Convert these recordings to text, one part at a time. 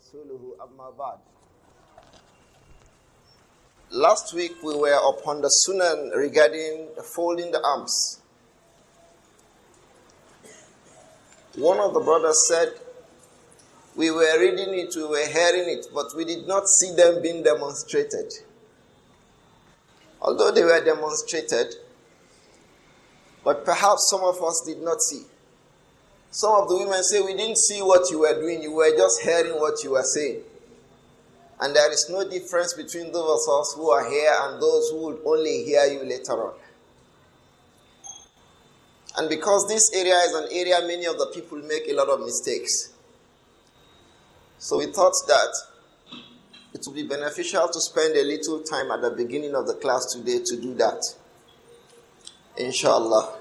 ورسوله أما بعد Last week we were upon the sunan regarding folding the arms. One of the brothers said, We were reading it, we were hearing it, but we did not see them being demonstrated. Although they were demonstrated, but perhaps some of us did not see. Some of the women say, We didn't see what you were doing, you were just hearing what you were saying. And there is no difference between those of us who are here and those who will only hear you later on. And because this area is an area many of the people make a lot of mistakes. So we thought that it would be beneficial to spend a little time at the beginning of the class today to do that. Inshallah.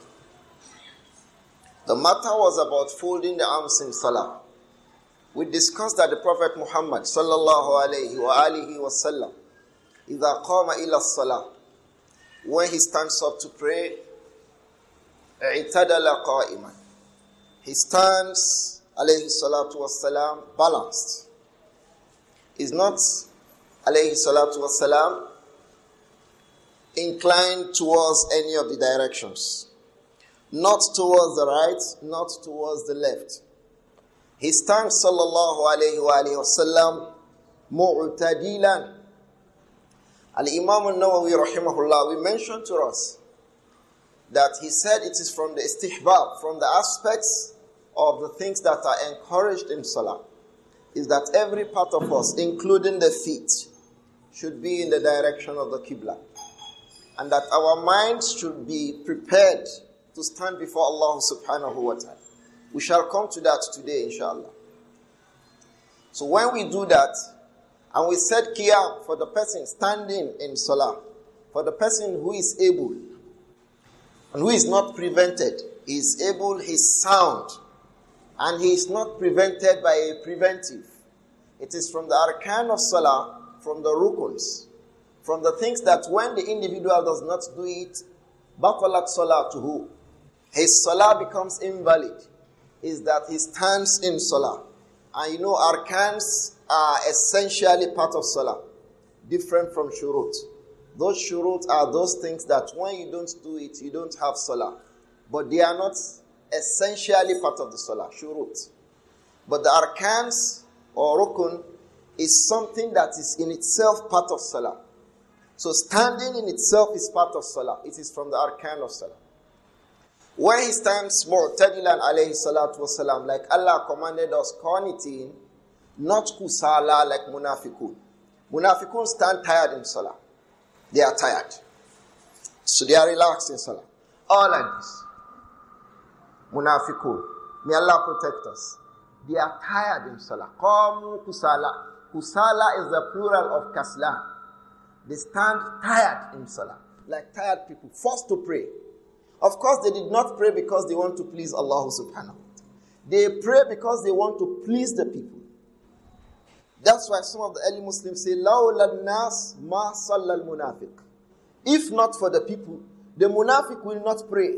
The matter was about folding the arms in salah. We discussed that the Prophet Muhammad sallallahu alayhi wa alihi wasallam, إذا قام إلى الصلاة, when he stands up to pray, اعتدل قائما. He stands alayhi salatu wasalam balanced. Is not alayhi salatu wasalam inclined towards any of the directions not towards the right, not towards the left. His tongue, sallallahu alayhi wa alayhi wasallam, mu'tadilan. Al-Imam al-Nawawi rahimahullah, we mentioned to us that he said it is from the istihbab, from the aspects of the things that are encouraged in salah, is that every part of us, including the feet, should be in the direction of the Qibla. And that our minds should be prepared to stand before Allah subhanahu wa ta'ala. We shall come to that today, inshallah. So when we do that, and we set qiyam for the person standing in salah, for the person who is able, and who is not prevented, he is able, he is sound, and he is not prevented by a preventive. It is from the arkan of salah, from the rukuns, from the things that when the individual does not do it, batalat salah to who? his salah becomes invalid is that he stands in salah. And you know, arkans are essentially part of salah, different from shurut. Those shurut are those things that when you don't do it, you don't have salah. But they are not essentially part of the salah, shurut. But the arkans or rukun is something that is in itself part of salah. So standing in itself is part of salah. It is from the arkan of salah. When his small, Mu'tadilan alayhi salatu wasalam, like Allah commanded us, qanitin, not kusala like munafikun. Munafikun stand tired in salah. They are tired. So they are relaxed in salah. All like this. munafikun, May Allah protect us. They are tired in salah. Come, kusala. Kusala is the plural of kaslan. They stand tired in salah. Like tired people, forced to pray. Of course, they did not pray because they want to please Allah subhanahu They pray because they want to please the people. That's why some of the early Muslims say, لَوْلَا nas ma صَلَّى munafiq. If not for the people, the munafiq will not pray.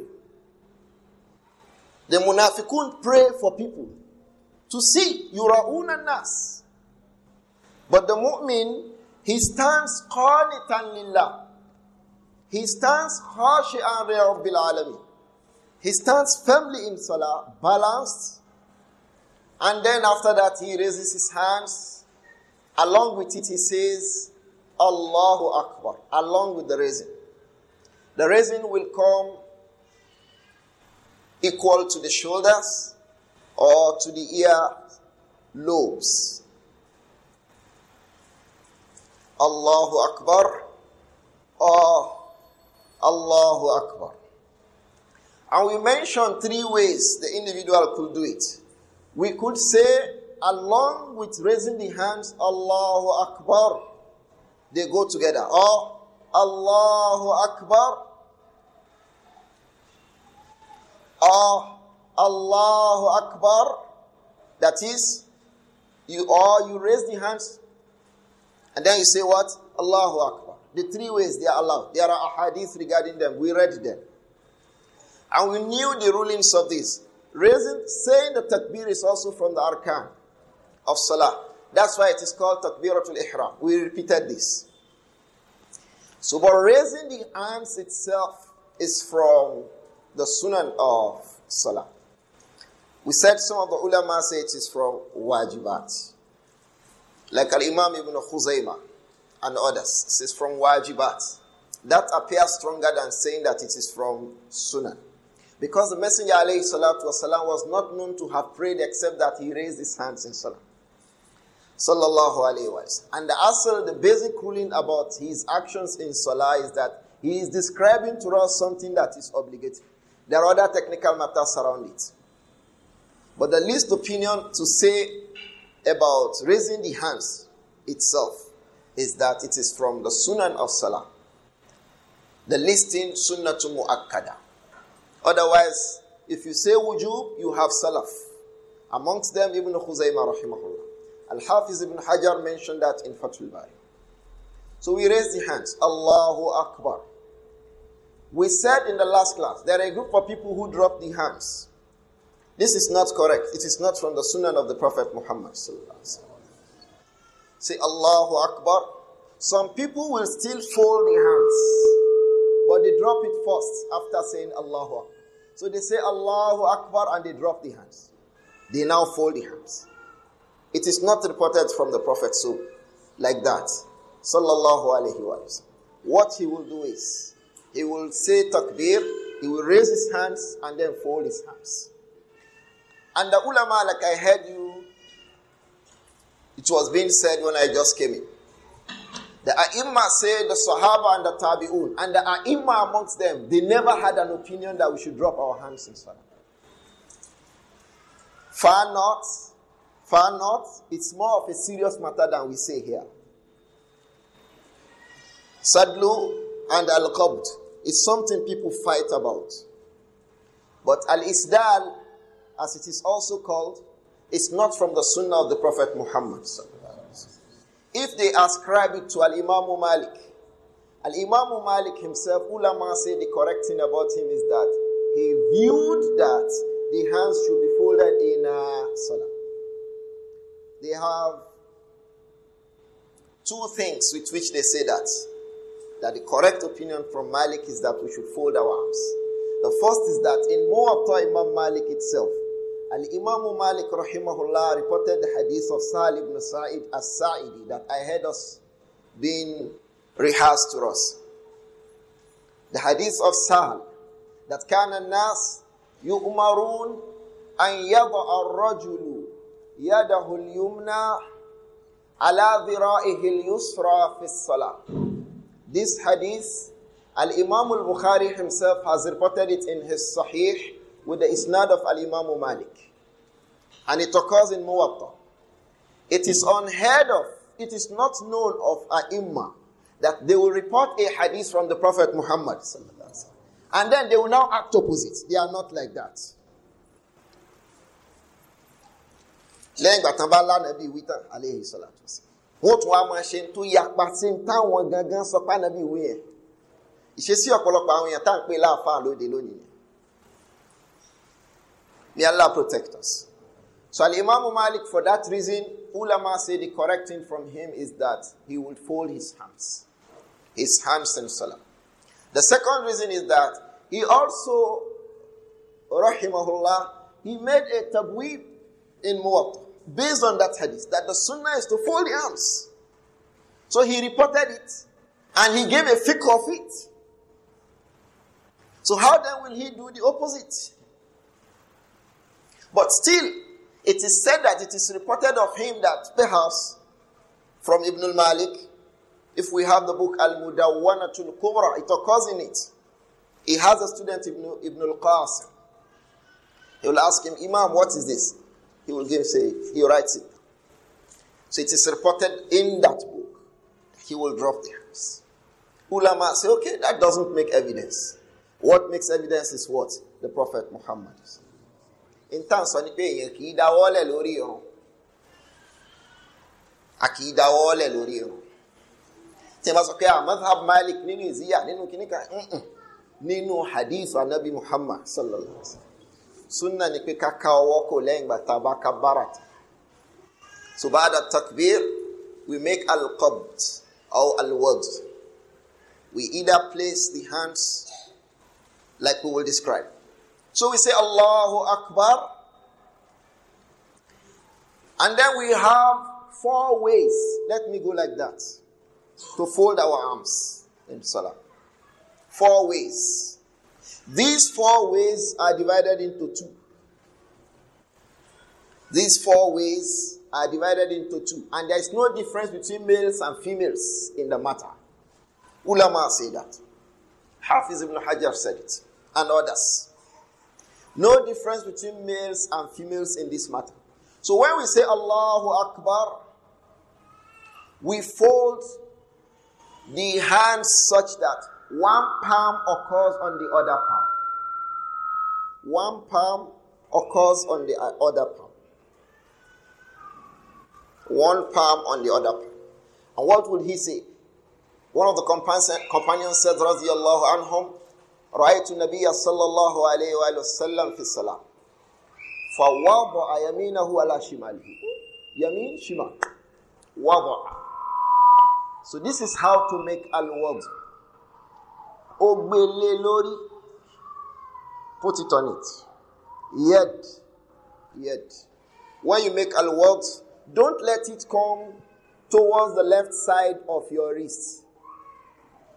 The munafiqun pray for people to see yura'un nas. But the mu'min, he stands qanitan lillah he stands harshly and rabbil alamin. He stands firmly in salah, balanced, and then after that he raises his hands. Along with it he says, Allahu Akbar, along with the raising. The raising will come equal to the shoulders or to the ear lobes. Allahu Akbar or Allahu Akbar. And we mentioned three ways the individual could do it. We could say, along with raising the hands, Allahu Akbar. They go together. Or, Allahu Akbar. Or, Allahu Akbar. That is, you or you raise the hands and then you say what? Allahu Akbar. The three ways they are allowed. There are ahadith regarding them. We read them. And we knew the rulings of this. Reason, saying the takbir is also from the arkan of salah. That's why it is called takbiratul ihram. We repeated this. So, but raising the arms itself is from the sunan of salah. We said some of the ulama say it is from wajibat. Like Al-Imam Ibn Khuzaymah and others. This is from wajibat. That appears stronger than saying that it is from sunnah. Because the Messenger والسلام, was not known to have prayed except that he raised his hands in salah. Sallallahu alayhi wa And the asr, the basic ruling about his actions in salah is that he is describing to us something that is obligatory. There are other technical matters around it. But the least opinion to say about raising the hands itself is that it is from the Sunan of Salah. The listing Sunnatu to Mu'akkada. Otherwise, if you say wujub, you have Salaf. Amongst them, Ibn Khuzaymah rahimahullah. Al-Hafiz Ibn Hajar mentioned that in Fatul Bari. So we raise the hands. Allahu Akbar. We said in the last class, there are a group of people who drop the hands. This is not correct. It is not from the Sunnah of the Prophet Muhammad sallallahu alaihi wasallam say Allahu Akbar. Some people will still fold their hands, but they drop it first after saying Allahu Akbar. So they say Allahu Akbar and they drop the hands. They now fold the hands. It is not reported from the Prophet so like that. Sallallahu alayhi wa What he will do is he will say takbir, he will raise his hands and then fold his hands. And the ulama, like I heard you it was being said when I just came in. The A'imma said the Sahaba and the Tabi'un, and the A'imma amongst them, they never had an opinion that we should drop our hands in Salah. Far not, far not, it's more of a serious matter than we say here. Sadlu and Al Qabd is something people fight about. But Al Isdal, as it is also called, it's not from the Sunnah of the Prophet Muhammad. If they ascribe it to Al Imam Malik, Al Imam Malik himself, ulama say the correct thing about him is that he viewed that the hands should be folded in a uh, salah. They have two things with which they say that. That the correct opinion from Malik is that we should fold our arms. The first is that in Muwatta Imam Malik itself, الإمام مالك رحمه الله reported the hadith of Salih ibn Sa'id as Sa'idi that I heard us being rehearsed to us. The hadith of Sal that كان الناس يؤمرون أن يضع الرجل يده اليمنى على ذرائه اليسرى في الصلاة. This hadith, Al Imam al Bukhari himself has reported it in his Sahih with the isnad of Al Imam Malik. And it occurs in Muwatta. It is unheard of, it is not known of ai that they will report a hadith from the Prophet Muhammad. And then they will now act opposite. They are not like that. lẹ́yìn ìgbà tán bá lánàbí wí tán aleyhi salatu sí wọ́n tún wá máa ṣe tó yapa sí táwọn gangan sọ pánàbí wí yẹn ìṣesí ọ̀pọ̀lọpọ̀ àwọn èèyàn tá à ń pè láàfáà lóde lónìí May Allah protect us. So Al Imam Malik, for that reason, ulama say the correct thing from him is that he would fold his hands, his hands in salah. The second reason is that he also, rahimahullah, he made a tabweeb in Muwatta based on that hadith that the sunnah is to fold the arms. So he reported it and he gave a fiqh of it. So how then will he do the opposite? But still, it is said that it is reported of him that perhaps from Ibn al Malik, if we have the book Al Mudawwanatul Kubra, it occurs in it. He has a student, Ibn, al Qasim. He will ask him, Imam, what is this? He will give him, say, he writes it. So it is reported in that book. He will drop the house. Ulama say, okay, that doesn't make evidence. What makes evidence is what? The Prophet Muhammad. níta sọ ni pé èèyàn kì í dáwọ́lẹ̀ lórí irun a kì í dáwọ́lẹ̀ lórí irun tí a bá sọ pé ah, madhab Malik nínú ìzíyà nínú kìnníkà nínú hadith anabi Muhammad sallallahu alaihi wa sallam sunna ni pé ká ká ọwọ́ kò lẹ́yìn ìgbà tá a bá ká barat so ba'da takbir we make al-qabd or al-wad we either place the hands like we will describe So we say Allahu Akbar. And then we have four ways. Let me go like that. To fold our arms in Salah. Four ways. These four ways are divided into two. These four ways are divided into two. And there is no difference between males and females in the matter. Ulama say that. Hafiz ibn Hajar said it. And others. No difference between males and females in this matter. So when we say Allahu Akbar, we fold the hand such that one palm occurs on the other palm. One palm occurs on the other palm. One palm on the other palm. And what would he say? One of the companions said, Radiallahu anhum, رأيت النبي صلى الله عليه وآله وسلم في الصلاة فوضع يمينه على شماله يمين شمال وضع So this is how to make al-wad. Ogbele lori. Put it on it. Yet. Yet. When you make al-wad, don't let it come towards the left side of your wrist.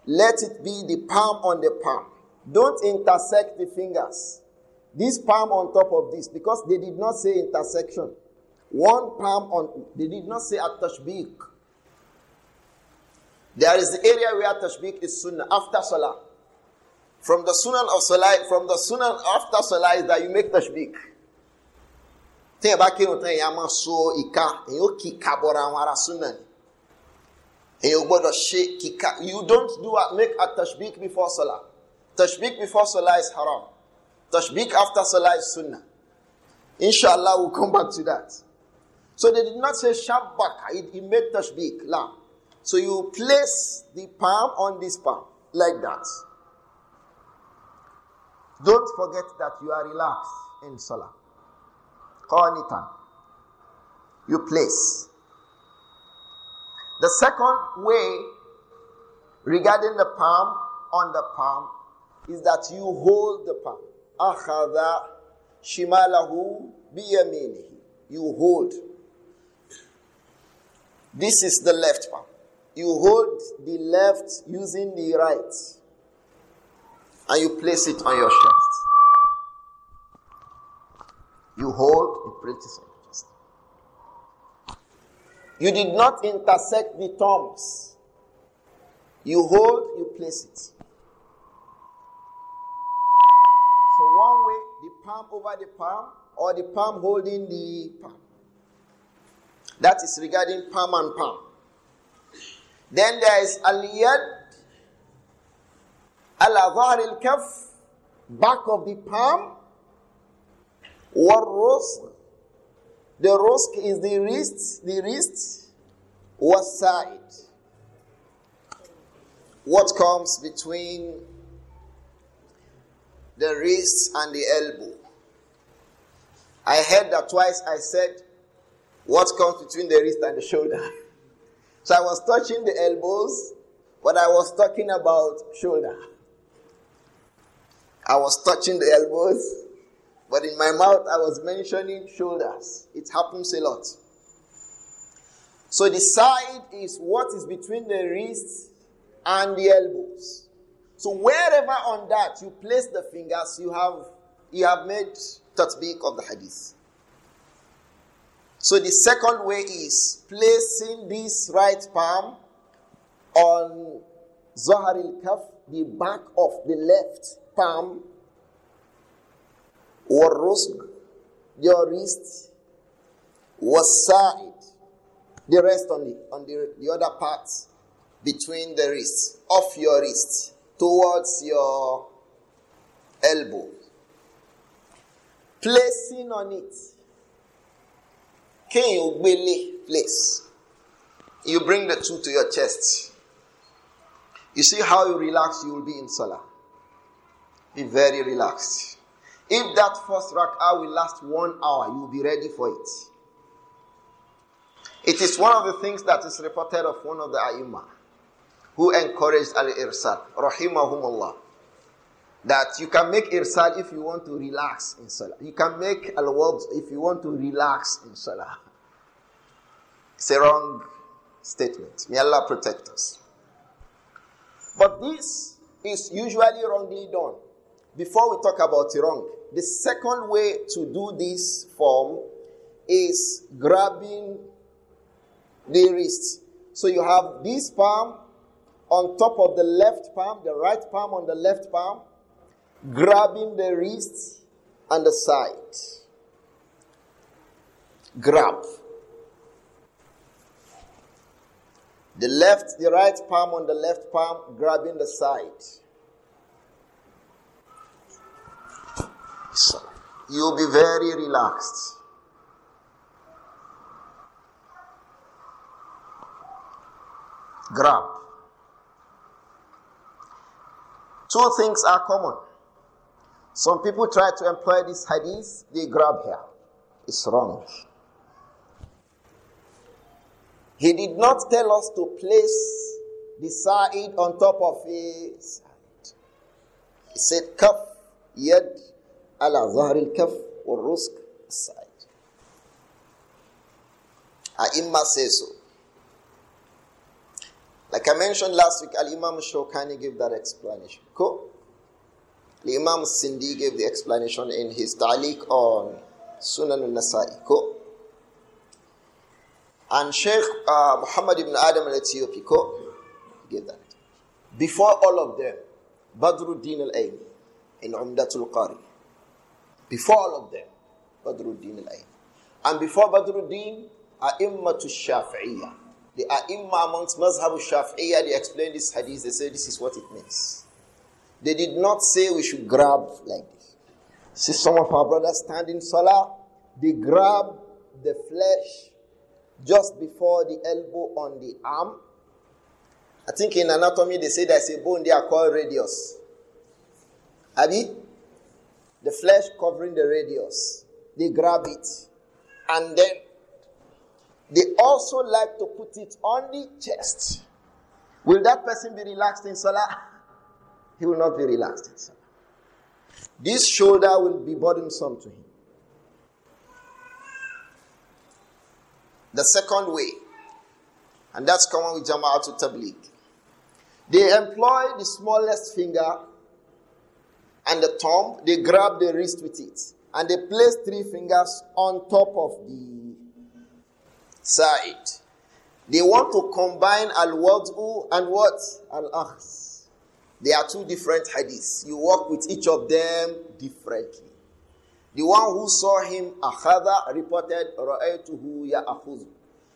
Let it be the palm on the palm. Don't intersect the fingers. This palm on top of this, because they did not say intersection. One palm on, they did not say at tashbik. There is the area where tashbik is sunnah after salah. From the sunnah of salah, from the sunnah after salah is that you make tashbik. téèyàn bá kírun tán ìka èèyàn kì í ka bọ́ra you don't do a, make a tashbik before salah. Tashbik before Salah is haram. Tashbik after Salah is sunnah. Inshallah, we'll come back to that. So they did not say shabbak, it, made tashbik, la. So you place the palm on this palm, like that. Don't forget that you are relaxed in Salah. Qanitan. You place. The second way regarding the palm on the palm is that you hold the palm. Akhada shimalahu biyaminihi. You hold. This is the left palm. You hold the left using the right. And you place it on your chest. You hold, the place on your chest. You did not intersect the thumbs. You hold, you place it. palm over the palm or the palm holding the palm. That is regarding palm and palm. Then there is al-yad al kaf back of the palm or rosk. The rosk is the wrist, the wrist was side. What comes between the wrist, and the elbow. I heard that twice I said, What comes between the wrist and the shoulder? So I was touching the elbows, but I was talking about shoulder. I was touching the elbows, but in my mouth I was mentioning shoulders. It happens a lot. So the side is what is between the wrist and the elbows. So wherever on that you place the fingers, you have you have made tatbiq of the hadith. So the second way is placing this right palm on Zaharil Kaf, the back of the left palm, or Rusg, your wrist, was side, the rest on the, on the, the other part between the wrists, of your wrists towards your elbow, placing on it. Can you really place? You bring the two to your chest. You see how you relax, you will be in salah. Be very relaxed. If that first rak'ah will last one hour, you will be ready for it. It is one of the things that is reported of one of the ayimah who encouraged al-irsal, rahimahumullah. That you can make irsal if you want to relax in salah. You can make al-wad if you want to relax in salah. It's a wrong statement. May Allah protect us. But this is usually wrongly done. Before we talk about wrong, the second way to do this form is grabbing the wrist. So you have this palm on top of the left palm, the right palm on the left palm, grabbing the wrist and the side. Grab. The left, the right palm on the left palm, grabbing the side. So you'll be very relaxed. Grab. Two things are common. Some people try to employ this hadith, they grab here. It's wrong. He did not tell us to place the sa'id on top of his hand. He said, kaf yad ala zahr al-kaf wal rusk sa'id. Aima says so. Like I mentioned last week, Al Imam Shokani gave that explanation. Cool. The Imam Sindhi gave the explanation in his Taliq on Sunan al Nasa'i. Cool. And Sheikh uh, Muhammad ibn Adam al Ethiopi cool, gave that. Before all of them, Badruddin al Ayn in Umdatul Qari. Before all of them, Badruddin al Ayn. And before Badruddin, A'immatul Shafi'iyah. The Aimma amongst Mazhab Shafi'iyah, they explain this hadith, they say this is what it means. They did not say we should grab like this. See some of our brothers standing salah, they grab the flesh just before the elbow on the arm. I think in anatomy they say there's a bone there called radius. Abi? The flesh covering the radius. They grab it. And then they also like to put it on the chest. Will that person be relaxed in Salah? He will not be relaxed in Salah. This shoulder will be burdensome to him. The second way, and that's common with Jama'at Tabligh, they employ the smallest finger and the thumb, they grab the wrist with it, and they place three fingers on top of the Side, They want to combine al-wad'u and what? Al-akhs. They are two different hadiths. You work with each of them differently. The one who saw him akhada reported ra'aytuhu ya'khudhu.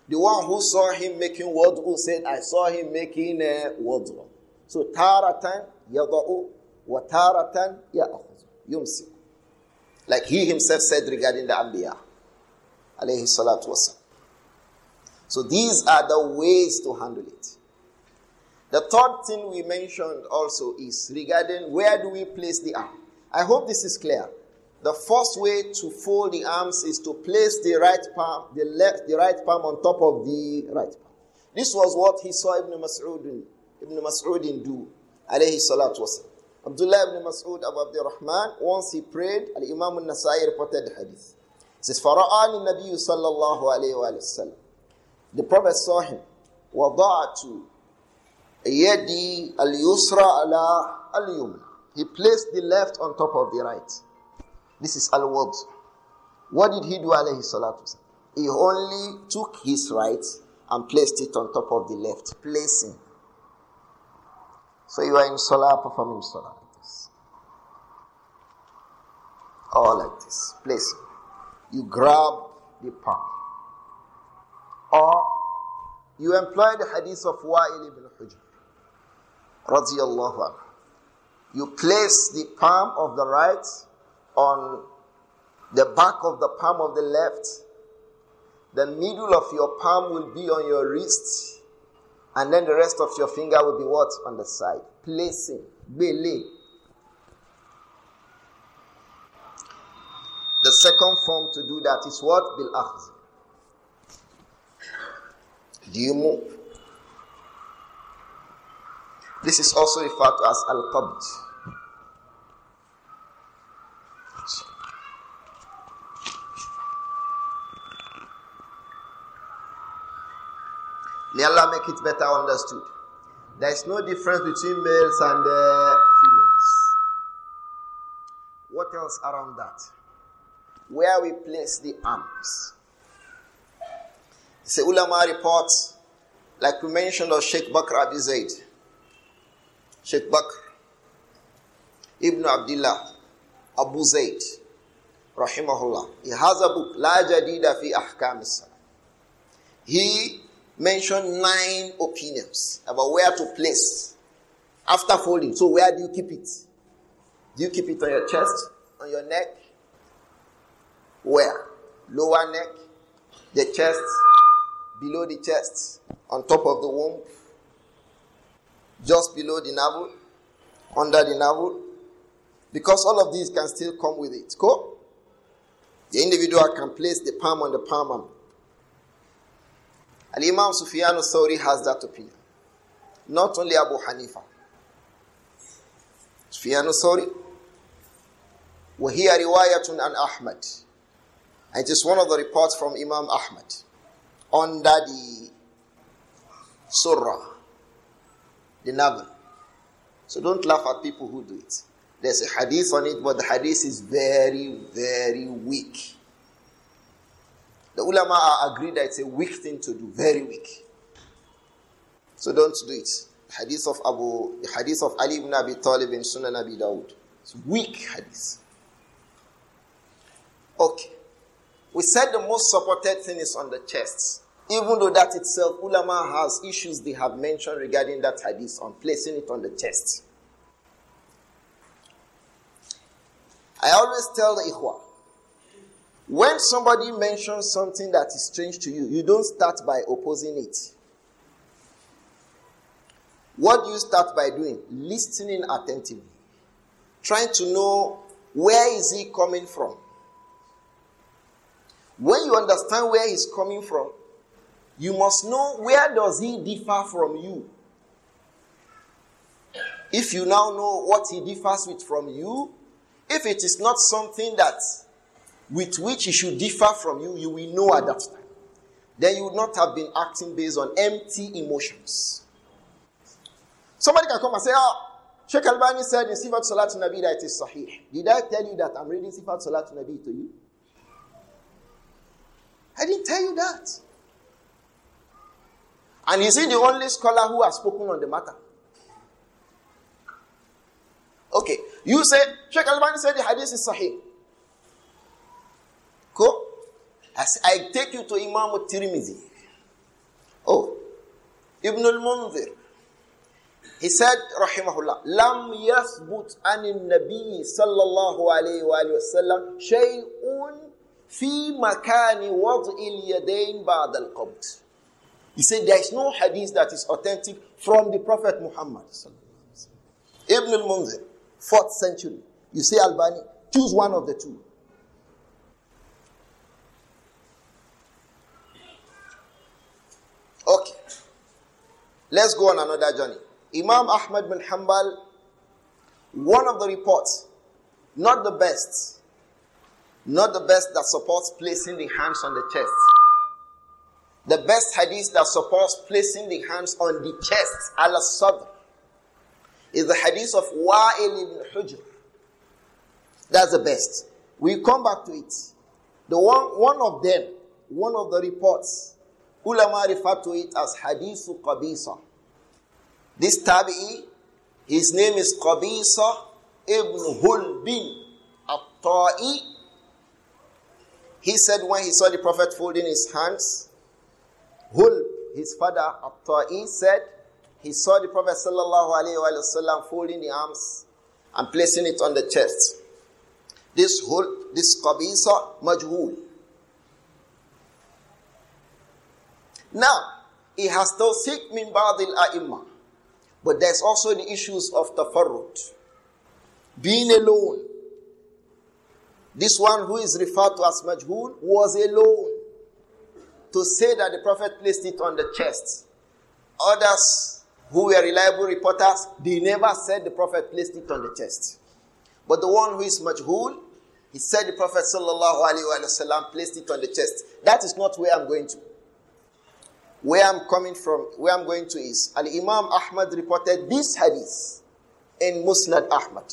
The one who saw him making wad'u said I saw him making a uh, wad'u. So taratan yad'u wa taratan ya Yumsik. Like he himself said regarding the anbiya. Alayhi salatu wasalam. So these are the ways to handle it. The third thing we mentioned also is regarding where do we place the arm. I hope this is clear. The first way to fold the arms is to place the right palm, the left, the right palm on top of the right palm. This was what he saw Ibn Mas'ud Ibn Mas'ud do, alayhi salatu wasalam. Abdullah ibn Mas'ud Abu rahman once he prayed, Al Imam al Nasai reported the hadith. It says, Fara'ani Nabi sallallahu alayhi wa sallam. The Prophet saw him. وَضَعْتُ يَدِي الْيُسْرَ He placed the left on top of the right. This is al-wad. What did he do alayhi salatu He only took his right and placed it on top of the left. Placing. So you are in salah performing salah like this. All like this. Placing. You grab the palm. Or you employ the hadith of Wa'il ibn Hujr, radiallahu anhu. You place the palm of the right on the back of the palm of the left. The middle of your palm will be on your wrist. And then the rest of your finger will be what? On the side. Placing. Bele. The second form to do that is what? Bil akhz. Do you move? This is also referred to as al qabd. May Allah make it better understood. There is no difference between males and uh, females. What else around that? Where we place the arms. It's a ulama report, like we mentioned, of Sheikh Bakr Abi Zaid. Sheikh Bakr Ibn Abdullah Abu Zaid, rahimahullah. He has a book, La Jadida fi Ahkam He mentioned nine opinions about where to place after folding. So where do you keep it? Do you keep it on your chest, on your neck? Where? Lower neck, the chest, below the chest, on top of the womb, just below the navel, under the navel, because all of these can still come with it. Cool? The individual can place the palm on the palm. Al Imam Sufyan al has that opinion. Not only Abu Hanifa. Sufyan al-Thawri. وهي رواية عن أحمد. And it is one of the reports from Imam Ahmad under the surah, the navel. So don't laugh at people who do it. There's a hadith on it, but the hadith is very, very weak. The ulama agree that it's a weak thing to do, very weak. So don't do it. The hadith of Abu, the hadith of Ali ibn Abi Talib in Sunan Abi Dawud. It's weak hadith. Okay. We said the most supported thing is on the chest. Even though that itself, ulama has issues they have mentioned regarding that hadith on placing it on the chest. I always tell the ikhwa, when somebody mentions something that is strange to you, you don't start by opposing it. What do you start by doing? Listening attentively. Trying to know where is he coming from? When you understand where he's coming from, you must know where does he differ from you. If you now know what he differs with from you, if it is not something that with which he should differ from you, you will know at that time. Then you would not have been acting based on empty emotions. Somebody can come and say, Oh, Sheikh Albani said in Sifat Salat Nabi that it is Sahih. Did I tell you that I'm reading Sifat Salat Nabi to you? I didn't tell you that. And is he the only scholar who has spoken on the matter? Okay. You said Sheikh Albani said the hadith is sahih. Cool. I, I take you to Imam Tirmidhi. Oh. Ibn al-Munzir. He said, rahimahullah, لم يثبت عن النبي صلى الله عليه وسلم شيء fi makani wad'il yadayn ba'd al-qabd. He said there is no hadith that is authentic from the Prophet Muhammad. Ibn al-Munzir, 4th century. You say Albani, choose one of the two. Okay. Let's go on another journey. Imam Ahmad bin Hanbal, one of the reports, not the best, not the best that supports placing the hands on the chest. The best hadith that supports placing the hands on the chest, Allah sabr, is the hadith of Wa'il ibn Hujr. That's the best. We come back to it. The one, one of them, one of the reports, ulama refer to it as hadithu Qabisa. This tabi'i, his name is Qabisa ibn Hulbin at-Ta'i he said when he saw the Prophet folding his hands, hul his father, Abta'i, said he saw the Prophet wasallam folding the arms and placing it on the chest. This hul this Qabisa, Majhul. Now, it has tawfiq min ba al ai al-a'imma. But there's also the issues of tafarrut. Being alone. This one who is referred to as Majhul was alone to say that the Prophet placed it on the chest. Others who were reliable reporters, they never said the Prophet placed it on the chest. But the one who is Majhul, he said the Prophet وسلم, placed it on the chest. That is not where I'm going to. Where I'm coming from, where I'm going to is Al Imam Ahmad reported this hadith in Musnad Ahmad.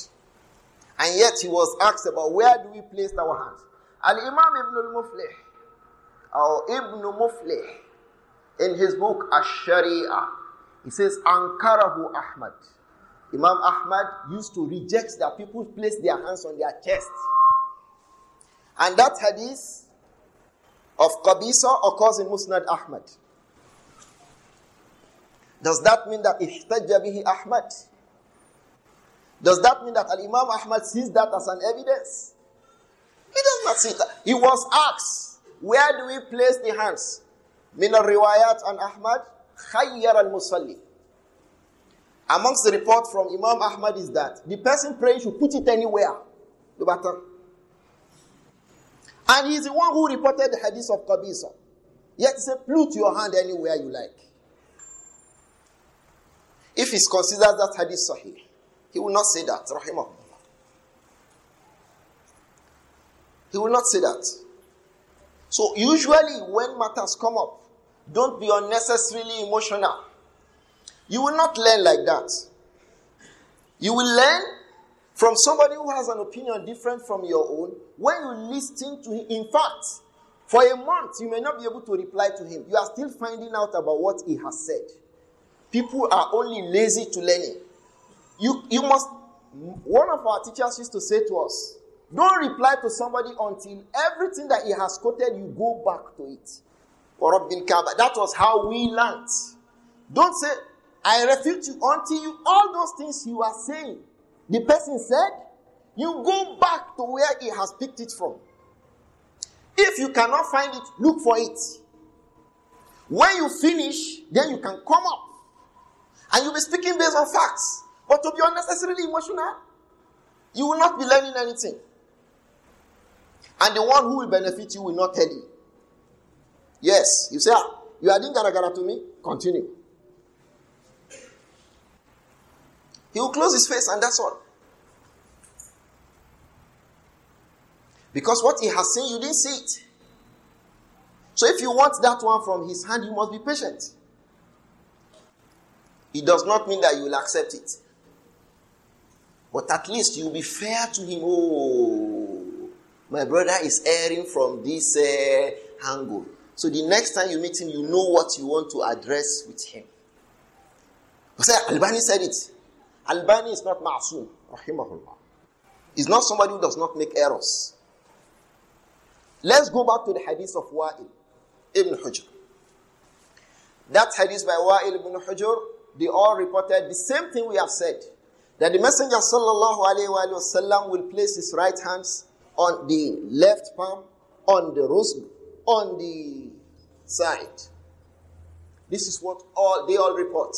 And yet he was asked about where do we place our hands. Al Imam Ibn al Muflih, or Ibn Muflih, in his book Ash Sharia, he says, Ankarahu Ahmad. Imam Ahmad used to reject that people place their hands on their chest. And that hadith of Qabisa occurs in Musnad Ahmad. Does that mean that ihtajja Ahmad? Does that mean that Al Imam Ahmad sees that as an evidence? He does not see that. He was asked, Where do we place the hands? Min al riwayat and Ahmad, Khayyar al Musalli. Amongst the report from Imam Ahmad is that the person praying should put it anywhere, the baton. And he's the one who reported the hadith of Qabisa. Yet he said, Put your hand anywhere you like. If he considered that hadith sahih. He will not say that. Rahimah. He will not say that. So, usually, when matters come up, don't be unnecessarily emotional. You will not learn like that. You will learn from somebody who has an opinion different from your own when you listen to him. In fact, for a month, you may not be able to reply to him. You are still finding out about what he has said. People are only lazy to learning. You, you must, one of our teachers used to say to us, don't reply to somebody until everything that he has quoted, you go back to it. That was how we learnt. Don't say, I refute you until you, all those things you are saying, the person said, you go back to where he has picked it from. If you cannot find it, look for it. When you finish, then you can come up. And you'll be speaking based on facts. But to be unnecessarily emotional, you will not be learning anything. And the one who will benefit you will not tell you. Yes, you say, ah, you are doing gara gara to me? Continue. He will close his face and that's all. Because what he has seen, you didn't see it. So if you want that one from his hand, you must be patient. It does not mean that you will accept it. But at least you'll be fair to him. Oh, my brother is erring from this uh, angle. So the next time you meet him, you know what you want to address with him. So Albani said it. Albani is not ma'asum, rahimahullah. He's not somebody who does not make errors. Let's go back to the hadith of Wa'il ibn Hujr. That hadith by Wa'il ibn Hujr, they all reported the same thing we have said that the Messenger sallallahu alaihi wasallam will place his right hands on the left palm, on the rose on the side. This is what all they all report.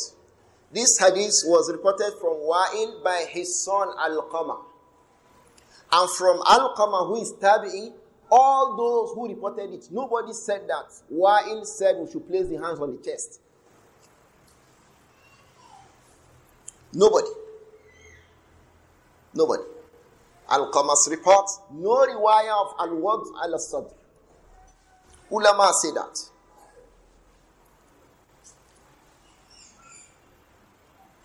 This hadith was reported from Wa'il by his son Al-Qama. And from Al-Qama, who is Tabi'i, all those who reported it, nobody said that. Wa'il said we should place the hands on the chest. Nobody. Nobody. Al-Qamas reports no rewire of Al-Wad al-Sadr. Ulama say that.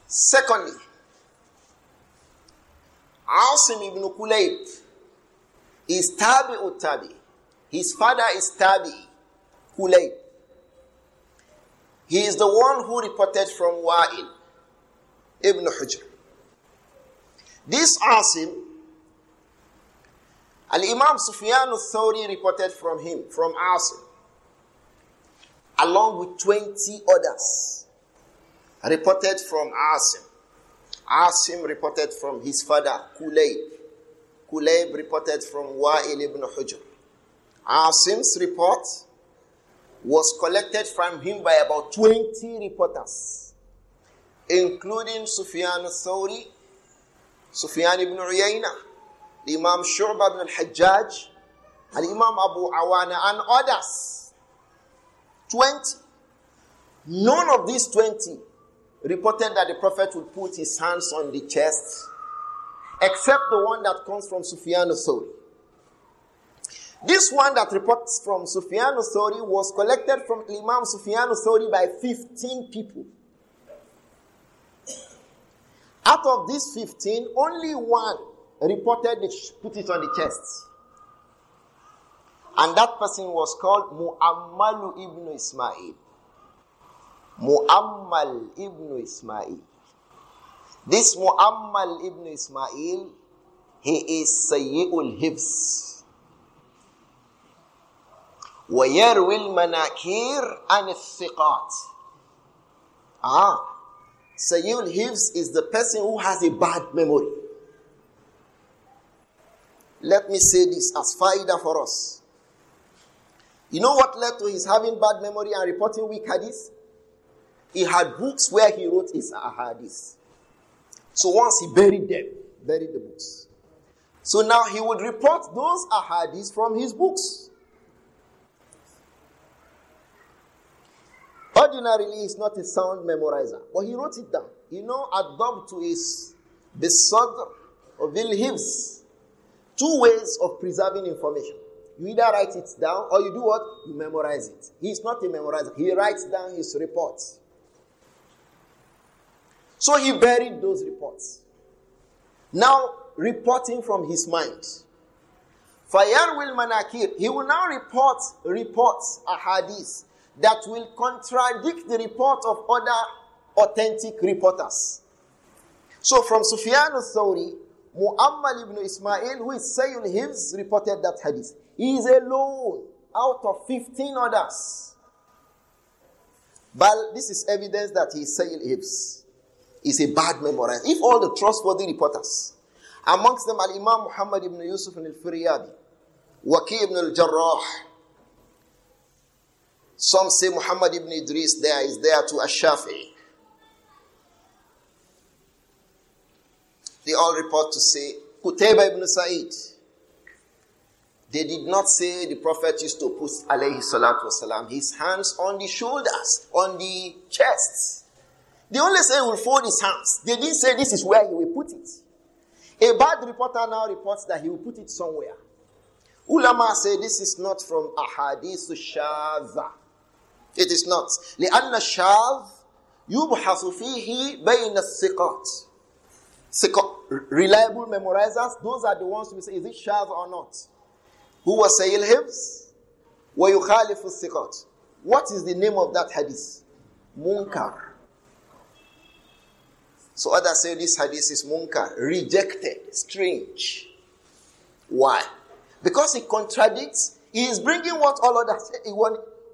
Secondly, Asim ibn Kulayb is Tabi'u Tabi. His father is Tabi Kulayb. He is the one who reported from Wa'il ibn Hujr. This Asim, Al Imam Sufyan al Thawri reported from him, from Asim, along with 20 others, reported from Asim. Asim reported from his father, Kulayb. Kulayb reported from Wa'il ibn Hujr. Asim's report was collected from him by about 20 reporters, including Sufyan al-Thawri, Sufyan ibn Uyayna, the Imam Shu'bah ibn al-Hajjaj, and Imam Abu Awana and others. 20. None of these 20 reported that the Prophet would put his hands on the chest, except the one that comes from Sufyan al-Thawri. This one that reports from Sufyan al-Thawri was collected from Imam Sufyan al-Thawri by 15 people. Out of these 15, only one reported put it on the chest. And that person was called Mu'ammal ibn Ismail. Mu'ammal ibn Ismail. This Mu'ammal ibn Ismail, he is Sayyi'ul Hibs. ويروي المناكير عن الثقات. Ah, Sayyul Hives is the person who has a bad memory. Let me say this as Fida for us. You know what led to his having bad memory and reporting weak hadith? He had books where he wrote his ahadith. So once he buried them, buried the books. So now he would report those ahadith from his books. Ordinarily, he's not a sound memorizer, but he wrote it down. You know, adopt to is bisadr or bilhibs. Two ways of preserving information. You either write it down or you do what? You memorize it. He's not a memorizer. He writes down his reports. So he buried those reports. Now, reporting from his mind. Fayar will manakir. He will now report reports, ahadith that will contradict the report of other authentic reporters. So from Sufyan al-Thawri, Mu'ammal ibn Ismail, who is Sayyul Hibs, reported that hadith. He is alone out of 15 others. But this is evidence that he is Sayyul Hibs. He's a bad memorizer. If all the trustworthy reporters, amongst them Al-Imam Muhammad ibn Yusuf al-Firyadi, Waqi ibn al-Jarrah, some say Muhammad ibn Idris there is there to Ashafi. They all report to say Qutayba ibn Sa'id. They did not say the Prophet used to put alayhi salatu wasalam, his hands on the shoulders, on the chest. They only say he will fold his hands. They didn't say this is where he will put it. A bad reporter now reports that he will put it somewhere. Ulama say this is not from Ahadith Shaza. It is not. لأن الشاذ يبحث فيه بين الثقات reliable memorizers, those are the ones who say, is it Shaz or not? Who was saying Hibs? وَيُخَالِفُ الثِّقَاتِ What is the name of that hadith? Munkar. So others say this hadith is munkar, rejected, strange. Why? Because it contradicts, he is bringing what all others say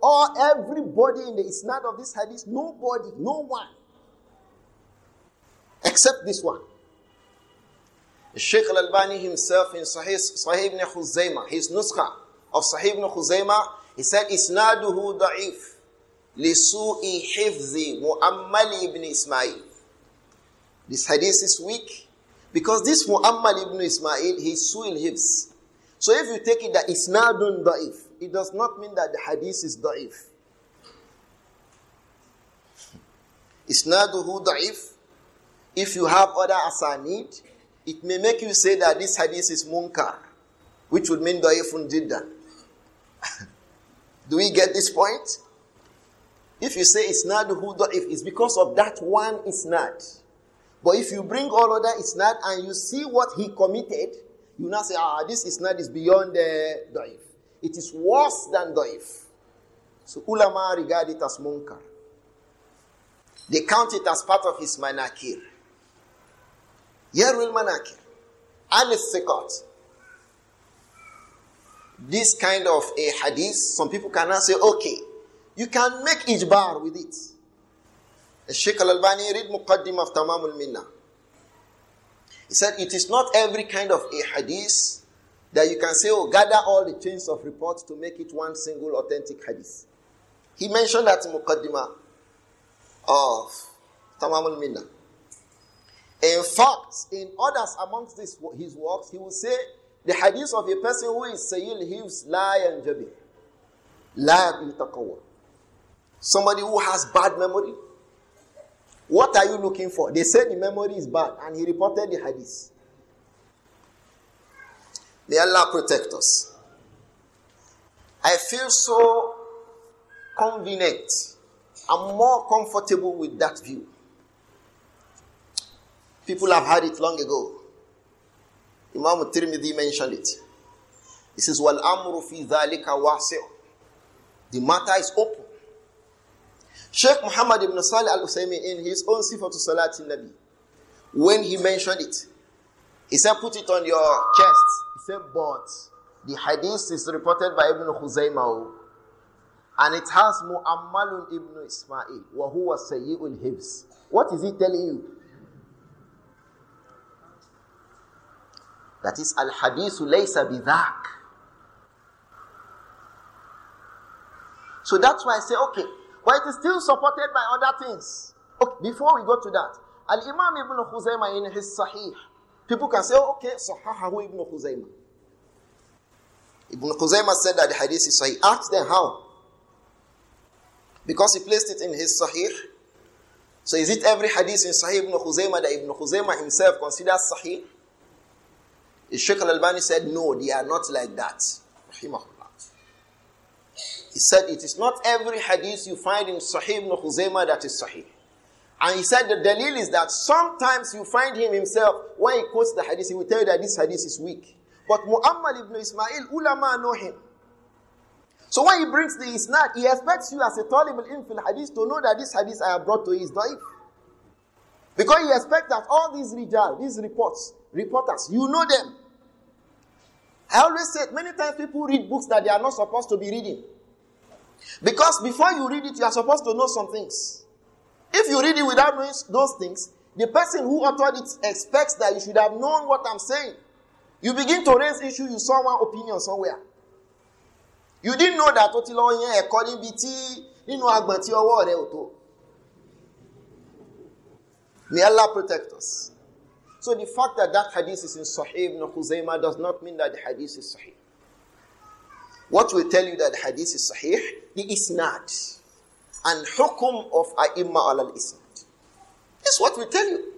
or everybody in the isnad of this hadith, nobody, no one, except this one. Sheikh Al Albani himself in Sahih, Sahih ibn Khuzaymah, his nuskha of Sahih ibn Khuzaymah, he said, Isnaduhu da'if, li su'i hifzi mu'ammali ibn Ismail. This hadith is weak because this mu'ammali ibn Ismail, he su'il hifz. So if you take it that done da'if, it does not mean that the hadith is da'if. It's Isnaduhu da'if. If you have other asanid, it may make you say that this hadith is munkar, which would mean da'ifun jidda. Do we get this point? If you say it's not who da'if, it's because of that one isnad. But if you bring all other isnad and you see what he committed, you now say, ah, this is not, is beyond the uh, daif. It is worse than daif. So ulama regard it as munkar. They count it as part of his manakir. Yarul manakir. And it's sikot. This kind of a hadith, some people cannot say, okay, you can make ijbar with it. Sheikh al-Albani read Muqaddim of Tamamul Minnah. He said, It is not every kind of a hadith that you can say, Oh, gather all the chains of reports to make it one single authentic hadith. He mentioned that in Muqaddimah of Tamamul Minna. In fact, in others amongst this, his works, he will say, the hadith of a person who is Sayyid Hibs, Jabi, Yanjabi, La Yutakawa. Somebody who has bad memory, what are you looking for? They say the memory is bad, and he reported the hadith. May Allah protect us. I feel so convenient. I'm more comfortable with that view. People have had it long ago. Imam Tirmidhi mentioned it. He says, Wal amru fi The matter is open. Sheikh Muhammad ibn Salih al Uthaymin, in his own Sifatu Salatin Nabi, when he mentioned it, he said, Put it on your chest. He said, But the hadith is reported by Ibn Khuzaymah, and it has Mu'ammalun ibn Ismail, wa huwa sayyi'ul hibs. What is he telling you? That is al hadithu laysa bidhak. So that's why I say, okay, but it is still supported by other things. Okay, before we go to that, Al Imam Ibn Khuzaimah in his Sahih, people can say, oh, okay, Sahahahu Ibn Khuzaimah. Ibn Khuzaimah said that the hadith is Sahih. Ask them how. Because he placed it in his Sahih. So is it every hadith in Sahih Ibn Khuzaimah that Ibn Khuzaimah himself considers Sahih? Sheikh Al-Albani said, no, they are not like that. He said it is not every hadith you find in Sahih ibn Khuzaymah that is Sahih. And he said the dalil is that sometimes you find him himself, when he quotes the hadith, he will tell you that this hadith is weak. But Muhammad ibn Ismail, ulama know him. So when he brings the isnad, he expects you as a tolerable infil hadith to know that this hadith I have brought to you is daif. Because he expects that all these rijal, these reports, reporters, you know them. I always said many times people read books that they are not supposed to be reading. Because before you read it, you are supposed to know some things. If you read it without knowing those things, the person who authored it expects that you should have known what I'm saying. You begin to raise issue, you saw one opinion somewhere. You didn't know that ó ti lọ yan ẹ̀kọ́ May Allah protect us. So the fact that that hadith is in Sahih ibn Khuzaimah does not mean that the hadith is Sahih. What will tell you that hadith is sahih? The isnad. And hukum of a'imma al isnad. This is what we tell you.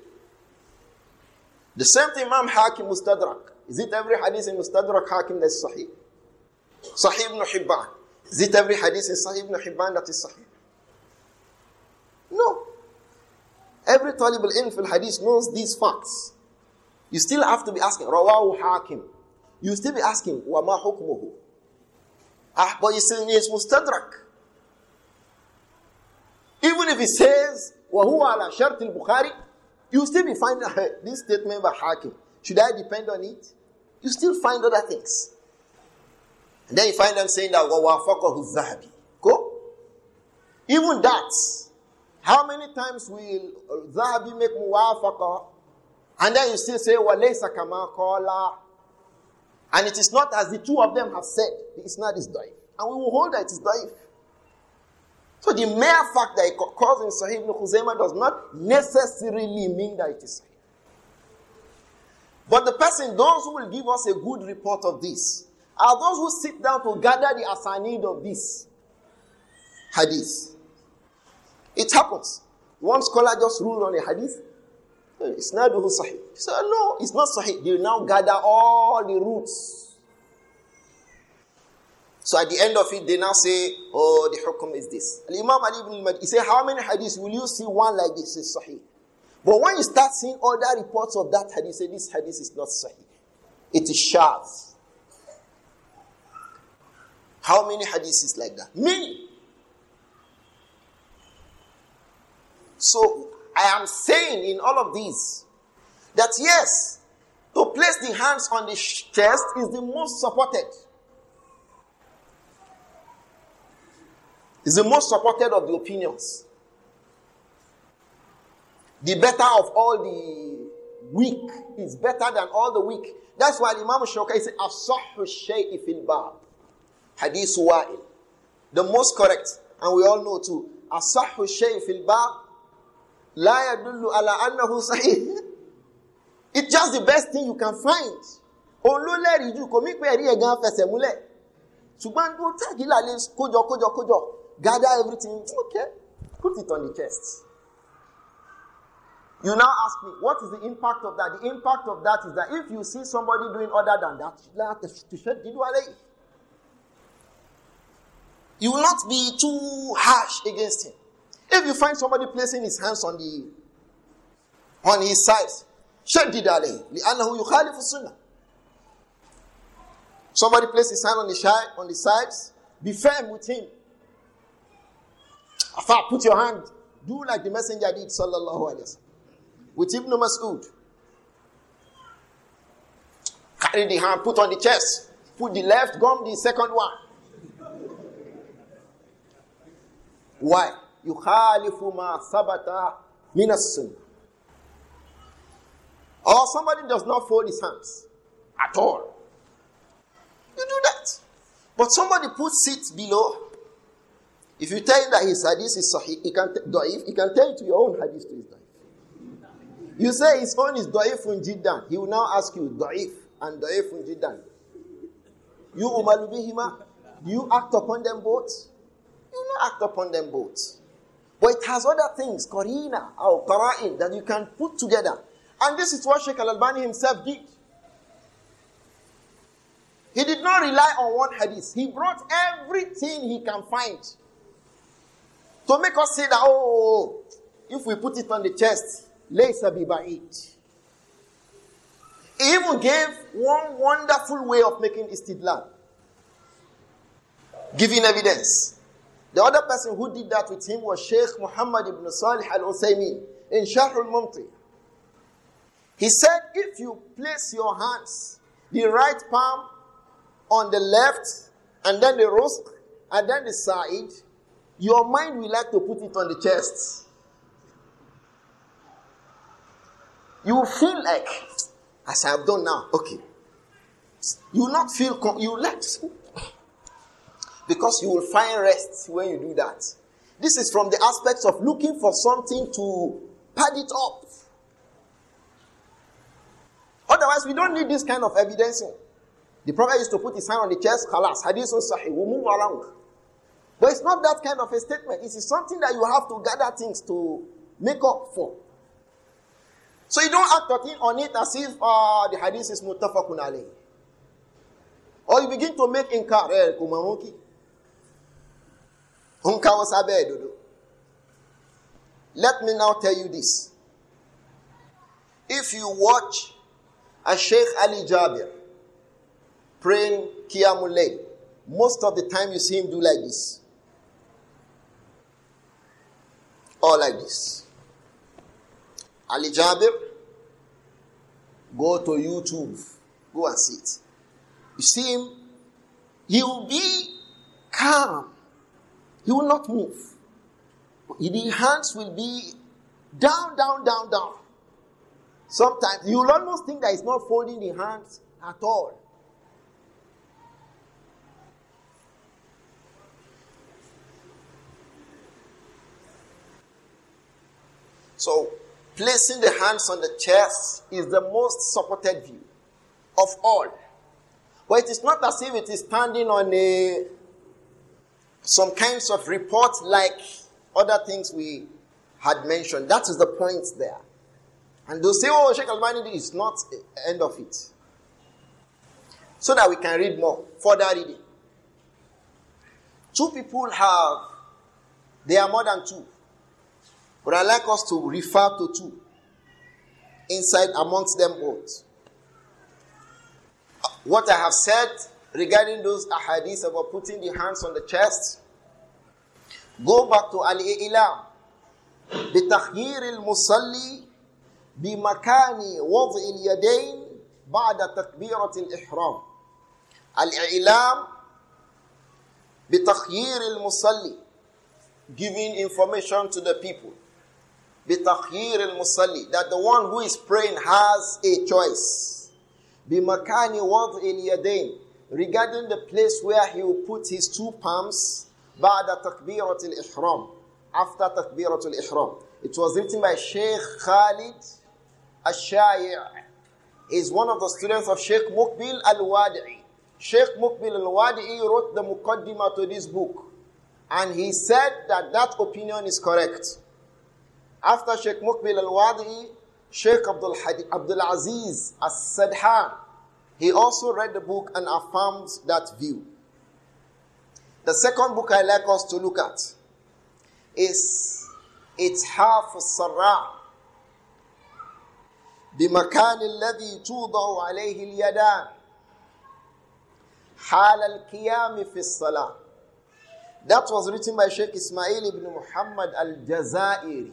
The same thing Imam Hakim Mustadrak. Is it every hadith in Mustadrak Hakim that is sahih? Sahih ibn Hibban. Is it every hadith in Sahih ibn Hibban that is sahih? No. Every Talib al fil hadith knows these facts. You still have to be asking, Rawahu Hakim. You still be asking, Wama hukmuhu? Ah, but he says his mustadrak. Even if he says, ala عَلَى شَرْطِ Bukhari, you still be finding this statement by Hakim. Should I depend on it? You still find other things. And then you find them saying that وَوَافَقَهُ الذَّهَبِ Go. Even that, how many times will Zahabi make muwafaqa? And then you still say وَلَيْسَ كَمَا kola. And it is not as the two of them have said, it is not his daif. And we will hold that it is daif. So the mere fact that it occurs in Sahih ibn Khuzaimah does not necessarily mean that it is Sahih. But the person, those who will give us a good report of this, are those who sit down to gather the asanid of this hadith. It happens. One scholar just ruled on a hadith, it's Isnaduhu sahih. So no, it's not sahih. They now gather all the roots. So at the end of it, they now say, oh, the hukum is this. Imam Ali ibn al-Mahdi, he said, how many hadiths will you see one like this is sahih? But when you start seeing other reports of that hadith, say this hadith is not sahih. It is shaz. How many hadiths is like that? Many. So I am saying in all of these that yes, to place the hands on the chest is the most supported. Is the most supported of the opinions. The better of all the weak is better than all the weak. That's why Imam Shokai says, Asahu shay'i fil bab. Hadith wa'il. The most correct, and we all know too, Asahu shay'i fil bab La ala anna sahih. It's just the best thing you can find. Òun ló lẹ́rìí jù kò mí pé ẹ̀rí ẹ̀gán fẹsẹ̀ múlẹ̀. Ṣùgbọ́n ó tàgí lálé kójọ kójọ kójọ gather everything okay put it on the chest. You now ask me what is the impact of that? The impact of that is that if you see somebody doing other than that, You will not be too harsh against him. If you find somebody placing his hands on the on his sides, شدد عليه لأنه يخالف السنة. Somebody places his hand on the side, on the sides, be firm with him. Afa, put your hand, do like the messenger did, sallallahu alayhi wasallam. with Ibn Mas'ud. Carry the hand, put on the chest, put the left gum, the second one. Why? يخالف ما Sabata Minasun, or somebody does not fold his hands at all. You do that. But somebody puts it below. If you tell him that his hadith is sahih, he can, t- he can tell you to your own hadith to his daif. You say his own is da'ifun jiddan. He will now ask you da'if and da'ifun jiddan. You umalubihima, you act upon them both? You not act upon them both. But it has other things, Qarina or Qara'in, that you can put together. And this is what Sheikh Al Albani himself did. He did not rely on one hadith. He brought everything he can find to make us say that, oh, if we put it on the chest, laysa it. He even gave one wonderful way of making istidlal, giving evidence. The other person who did that with him was Sheikh Muhammad ibn Salih al Uthaymeen in Sharh al Mumti. He said, if you place your hands, the right palm on the left, and then the rusk, and then the side, your mind will like to put it on the chest. You feel like, as I have done now, okay. You not feel, you like, because you will find rest when you do that. This is from the aspect of looking for something to pad it up. Otherwise, we don't need this kind of evidencing. The Prophet used to put his hand on the chest, khalas, hadithun sahih, we move along. But it's not that kind of a statement. It is something that you have to gather things to make up for. So you don't act on it as if uh, the hadith is mutafakun alayh. Or you begin to make inkar, eh, kumamuki let me now tell you this if you watch a sheikh ali jabir praying qiyamulayn most of the time you see him do like this or like this ali jabir go to youtube go and see it you see him he will be calm he will not move. The hands will be down, down, down, down. Sometimes you will almost think that it's not folding the hands at all. So, placing the hands on the chest is the most supported view of all. But it is not as if it is standing on a some kinds of reports like other things we had mentioned. That is the point there. And they'll say, oh, Sheikh Albani is not end of it. So that we can read more, further reading. Two people have, they are more than two. But I like us to refer to two inside amongst them both. What I have said regarding those ahadith about putting the hands on the chest, go back to Al-Ilam. بتخيير المصلي بمكان وضع اليدين بعد تكبيرة الإحرام الإعلام بتخيير المصلي giving information to the people بتخيير المصلي that the one who is praying has a choice بمكان وضع اليدين regarding the place where he will put his two palms بعد takbiratul ihram, after takbiratul ihram, it was written by Sheikh Khalid al is one of the students of Sheikh Mukbil Al-Wadi'i Sheikh Mukbil Al-Wadi'i wrote the Muqaddimah to this book and he said that that opinion is correct after Sheikh Mukbil Al-Wadi'i Sheikh Abdul, Hadi, Abdul Aziz As-Sadhan he also read the book and affirms that view. The second book I like us to look at is It's Half Sarah. بمكان الذي توضع عليه اليدان حال القيام في الصلاة That was written by Sheikh Ismail ibn Muhammad al-Jazairi.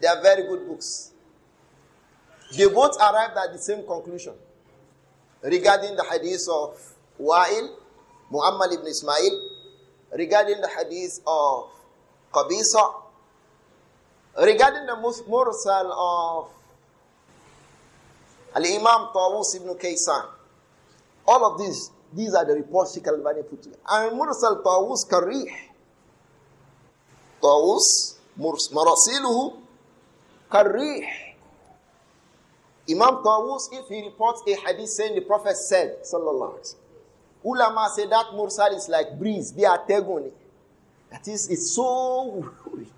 They are very good books. They both arrived at the same conclusion regarding the hadith of Wa'il, Muhammad ibn Ismail, regarding the hadith of Qabisa, regarding the Mursal of Al-Imam Tawus ibn Kaysan. All of these, these are the reports Sheikh Al-Bani put together. And Mursal Tawus Karih. Tawus, Marasiluhu Karih. Imam Tawus, if he reports a hadith saying the Prophet said, sallallahu alaihi wasallam, ulama say that mursal is like breeze, be ateguni. That is, it's so weak.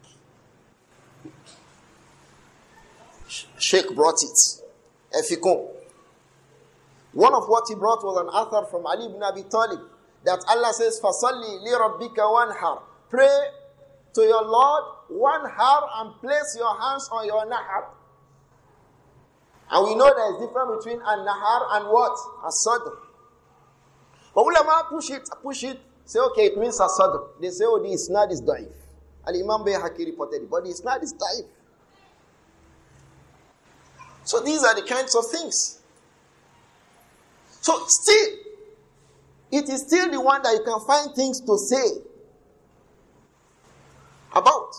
Sheikh brought it. Efikon. One of what he brought was an author from Ali ibn Abi Talib that Allah says, Fasalli li rabbika wanhar. Pray to your Lord, one har, and place your hands on your nahar. And we know there is difference between an nahar and what? A sadr. But ulama push it, push it, say, okay, it means a sadr. They say, oh, the isnad is daif. Al Imam Bayhaqi reported it, but the isnad is daif. So these are the kinds of things. So still, it is still the one that you can find things to say about.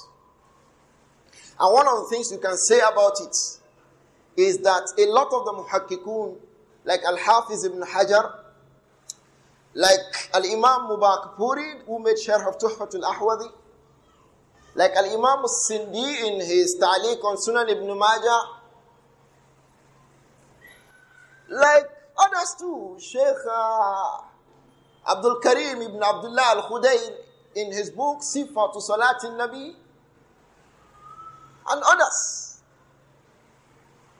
And one of the things you can say about it is that a lot of the muhakkikun, like Al-Hafiz ibn Hajar, like Al-Imam Mubarak Puri, who made Sharh of Tuhfat al-Ahwadi, like Al-Imam sindi in his Ta'liq on Sunan ibn Majah, like others too, Sheikh uh, Abdul Karim ibn Abdullah al-Khudayn in his book Sifatu Salatin Nabi, and others.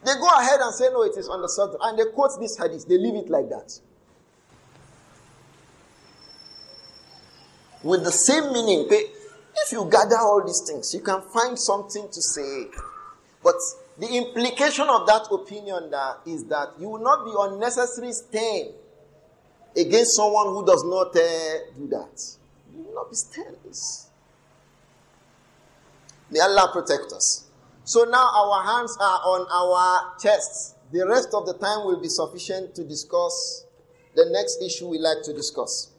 They go ahead and say, no, it is on the Sadr. And they quote this hadith. They leave it like that. With the same meaning. If you gather all these things, you can find something to say. But the implication of that opinion that is that you will not be unnecessary stain against someone who does not uh, do that. You will not be staying. May Allah protect us. So now our hands are on our chests. The rest of the time will be sufficient to discuss the next issue we like to discuss.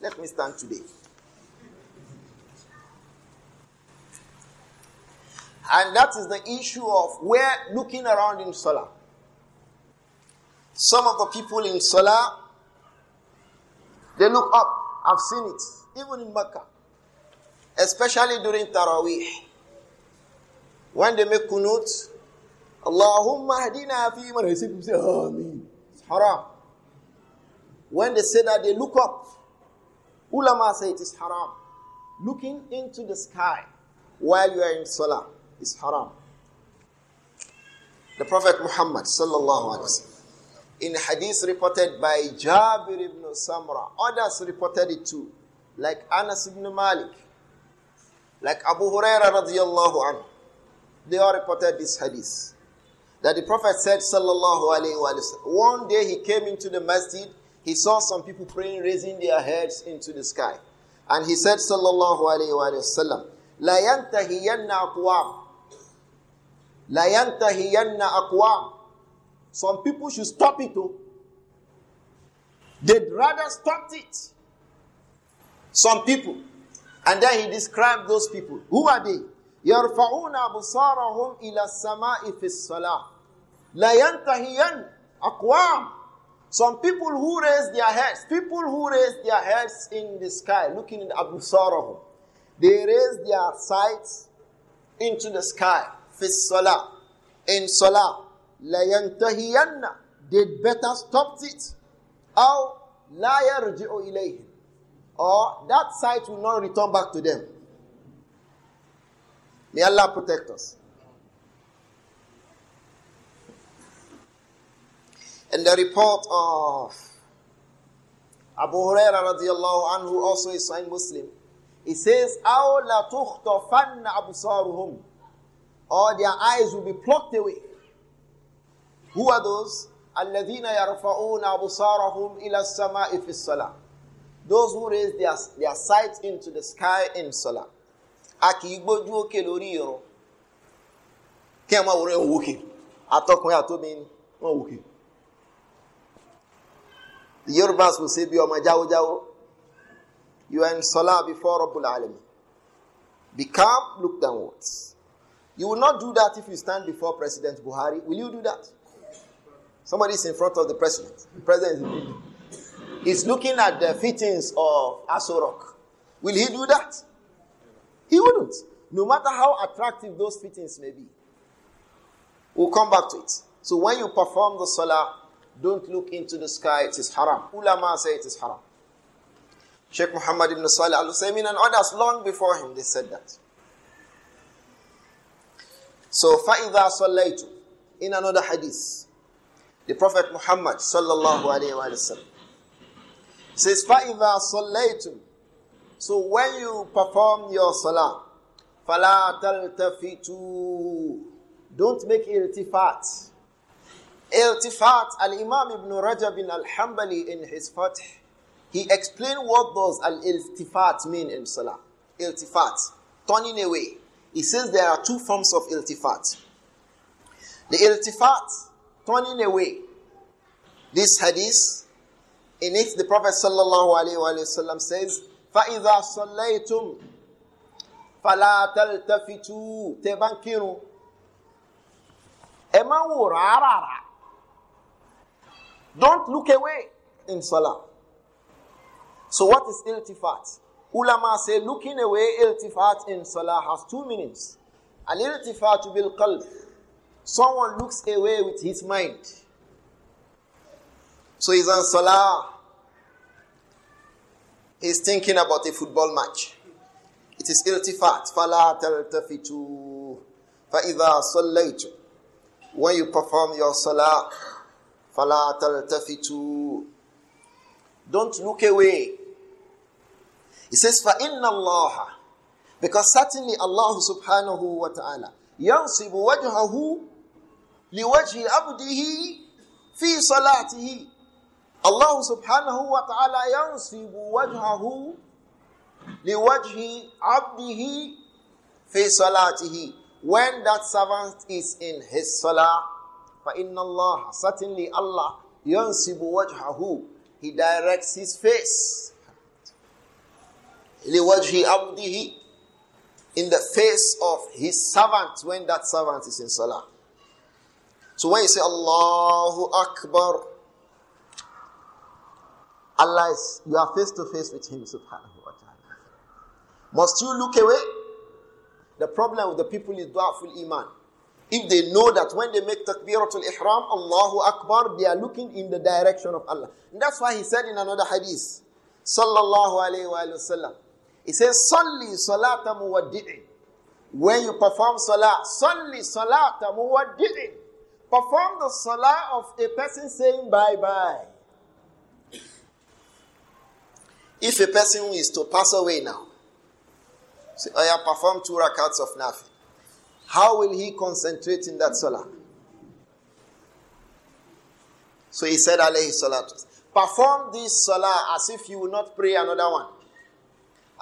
Let me stand today. And that is the issue of where looking around in Salah. Some of the people in Salah, they look up. I've seen it, even in Mecca, especially during Taraweeh. When they make kunut, Allahumma hadina fi man. they see people say, It's haram. When they say that, they look up. Ulama say it is haram. Looking into the sky while you are in salah is haram. The Prophet Muhammad sallallahu alaihi wasallam in hadith reported by Jabir ibn Samra, others reported it too, like Anas ibn Malik, like Abu Huraira radiyallahu anhu. They all reported this hadith. That the Prophet said, Sallallahu Alaihi Wasallam, one day he came into the masjid, he saw some people praying, raising their heads into the sky. And he said, Sallallahu Alaihi Wasallam, La yantahiyanna aqwam. La yantahiyanna aqwam. Some people should stop it. Too. Oh. They'd rather stop it. Some people. And then he described those people. Who are they? يرفعون أبصارهم إلى السماء في الصلاة لا ينتهين أقوام Some people who raise their heads, people who raise their heads in the sky, looking in Abu Sarahum, they raise their sights into the sky. في الصلاة in صلاة لا they better stop it أو لا يرجع إليهم or that sight will not return back to them May Allah protect us. And the report of Abu Huraira radiallahu anhu, also is Sahih Muslim, he says, أَوْ Or their eyes will be plucked away. Who are those? الَّذِينَ يَرْفَعُونَ أَبْصَارَهُمْ إِلَى السَّمَاءِ فِي الصَّلَاةِ Those who raise their, their sight into the sky in salah. a kì í gbójú òkè lórí ìrun kí ẹ máa wòrán ẹ̀wọ̀n òkè àtọkùnrin àtọmọbìnrin wọn òkè the Yorùbá kò ṣe bí ọmọ jáwójáwó you are in salah before Rabbul Alamin be calm look downwards you will not do that if you stand before President Buhari will you do that somebody is in front of the president the president is in the building. looking at the fittings of Aso Rock. Will he do that? He wouldn't. No matter how attractive those fittings may be. We'll come back to it. So when you perform the salah, don't look into the sky, it is haram. Ulama say it is haram. Sheikh Muhammad ibn Salih al Usaymin and others long before him, they said that. So, فَإِذَا صَلَّيْتُ In another hadith, the Prophet Muhammad sallallahu alayhi wa sallam says, فَإِذَا صَلَّيْتُمْ so when you perform your salah, فلا tu, تَلْتَفِتُوا Don't make iltifat. Iltifat, Al-Imam Ibn Rajab bin Al-Hambali in his Fatih, he explained what does Al-Iltifat mean in salah. Iltifat, turning away. He says there are two forms of iltifat. The iltifat, turning away. This hadith, in it the Prophet sallallahu alaihi wasallam says, فإذا صليتم فلا تلتفتوا تبنكروا أما ورارا Don't look away in salah. So what is iltifat? Ulama say looking away iltifat in salah has two meanings. Al iltifat bil qalb. Someone looks away with his mind. So he's on salah. He's thinking about a football match. It is iltifat. When you perform your salah, don't look away. He says, Fa'inna Because certainly Allah subhanahu wa ta'ala yansibu wajhahu liwajhi abdihi fi salatihi. Allah subhanahu wa ta'ala yansibu wajhahu wajhi abdihi fi salatihi. When that servant is in his salah, inna Allah Certainly Allah yansibu wajhahu. He directs his face. li wajhi abdihi In the face of his servant when that servant is in salah. So when you say Allahu Akbar, Allah is, you are face to face with Him, subhanahu wa ta'ala. Must you look away? The problem with the people is du'aful iman. If they know that when they make takbiratul ihram, Allahu Akbar, they are looking in the direction of Allah. And that's why he said in another hadith, sallallahu alayhi wa sallam, he says, Salli salata muwaddi'in. When you perform salah, Salli salata muwaddi'in. Perform the salah of a person saying bye-bye. If a person is to pass away now, say, I have performed two rakats of nothing, how will he concentrate in that salah? So he said, alayhi salatu. Perform this salah as if you will not pray another one.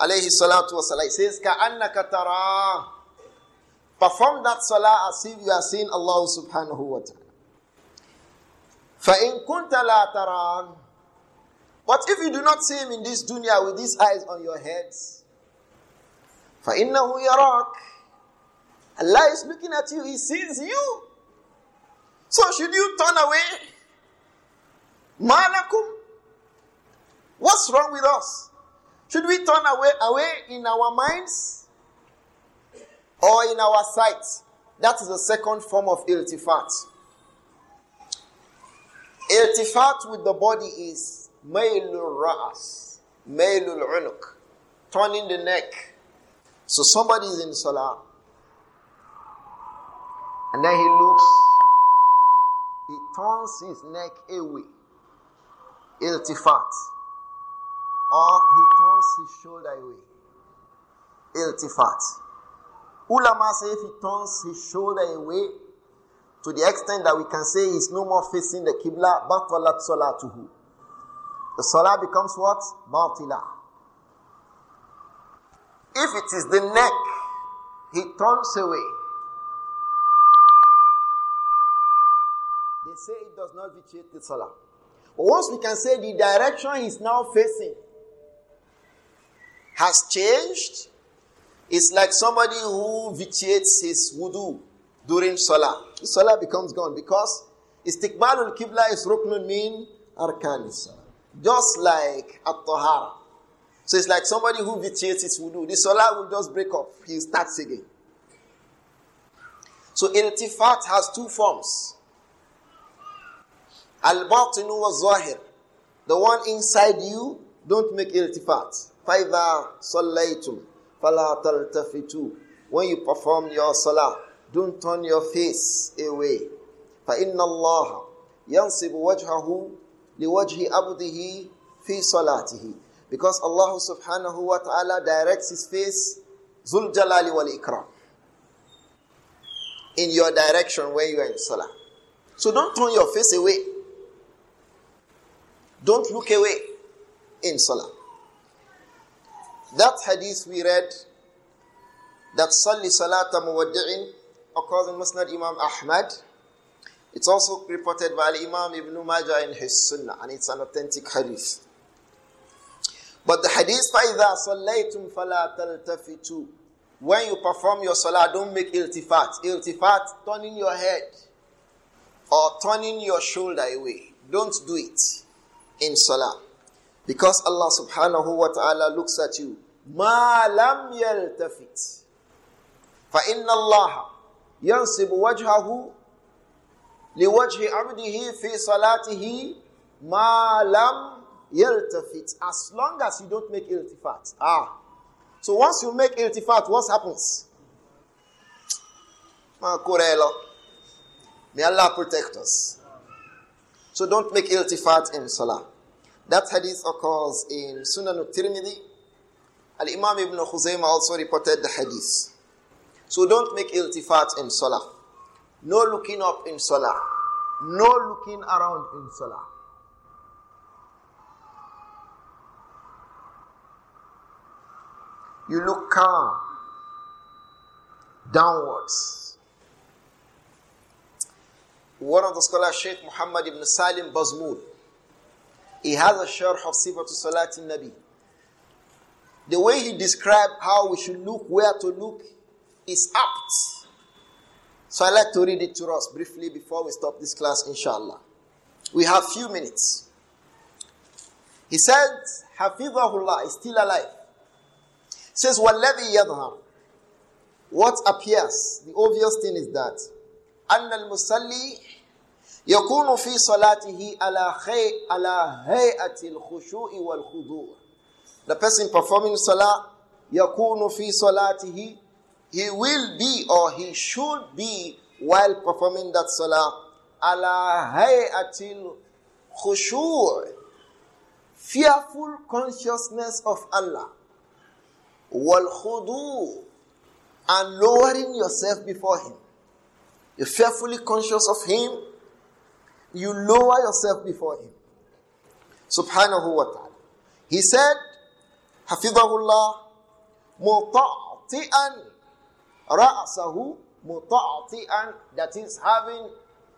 Alayhi salatu wasalam. He says, ka'annaka tarah. Perform that salah as if you are seeing Allah subhanahu wa ta'ala. فَإِن كُنْتَ لَا تَرَانَ but if you do not see him in this dunya with these eyes on your heads, فَإِنَّهُ يَرَاكَ Allah is looking at you, He sees you. So should you turn away? Malakum? What's wrong with us? Should we turn away away in our minds or in our sight? That is the second form of iltifat. Iltifat with the body is Mailul Ra'as, Mailul Unuk, turning the neck. So somebody is in Salah, and then he looks, he turns his neck away, iltifat, or he turns his shoulder away, iltifat. Ulama say if he turns his shoulder away, to the extent that we can say he's no more facing the Qibla, batalat salatuhu the salah becomes what? Batila. If it is the neck, he turns away. They say it does not vitiate the salah. But once we can say the direction he is now facing has changed, it's like somebody who vitiates his wudu during salah. The salah becomes gone because istiqbalul kibla is ruknun min arkanis salah. Just like at Tahara. So it's like somebody who vitiates his wudu. The salah will just break up. He starts again. So iltifat has two forms. Al-batinu wa zahir. The one inside you, don't make iltifat. فَإِذَا صَلَّيْتُمْ فَلَا تَلْتَفِتُوا When you perform your salah, don't turn your face away. Fainna اللَّهَ يَنْصِبُ wajhahu. لِوَجْهِ أَبْدِهِ فِي صَلَاتِهِ Because Allah subhanahu wa ta'ala directs His face zul ذُلْ wal Ikram In your direction where you are in salah. So don't turn your face away. Don't look away in salah. That hadith we read that Salli Salata Muwaddi'in according to Musnad Imam Ahmad it's also reported by Imam Ibn Majah in his Sunnah, and it's an authentic hadith. But the hadith, فَإِذَا صَلَّيْتُمْ فَلَا تَلْتَفِتُوا When you perform your salah, don't make iltifat. Iltifat, turning your head or turning your shoulder away. Don't do it in salah. Because Allah subhanahu wa ta'ala looks at you. مَا لَمْ يَلْتَفِتْ فَإِنَّ اللَّهَ يَنْصِبُ وَجْهَهُ لِوَجْهِ عَبْدِهِ فِي صَلَاتِهِ مَا لَمْ يَلْتَفِتْ As long as you don't make iltifat. Ah. So once you make iltifat, what happens? May Allah protect us. So don't make iltifat in salah. That hadith occurs in Sunan al-Tirmidhi. Al-Imam ibn Khuzaymah also reported the hadith. So don't make iltifat in salah. No looking up in salah. No looking around in salah. You look calm, downwards. One of the scholars, Sheikh Muhammad ibn Salim Bazmul, he has a sharh of Sifatu Salatin Nabi. The way he described how we should look, where to look, is apt. So I'd like to read it to us briefly before we stop this class, inshallah. We have few minutes. He said, Hafizahullah is still alive. He says, What appears, the obvious thing is that, أن المصلي يكون في صلاته على خي على هيئة الخشوع والخضوع. The person performing salah يكون في صلاته he will be or he should be while performing that salah ala hayatil khushur, fearful consciousness of Allah wal khudu' and lowering yourself before him you fearfully conscious of him you lower yourself before him subhanahu wa ta'ala he said hafidhahullah muta'ti'an Ra'asahu muta'ati'an, that is having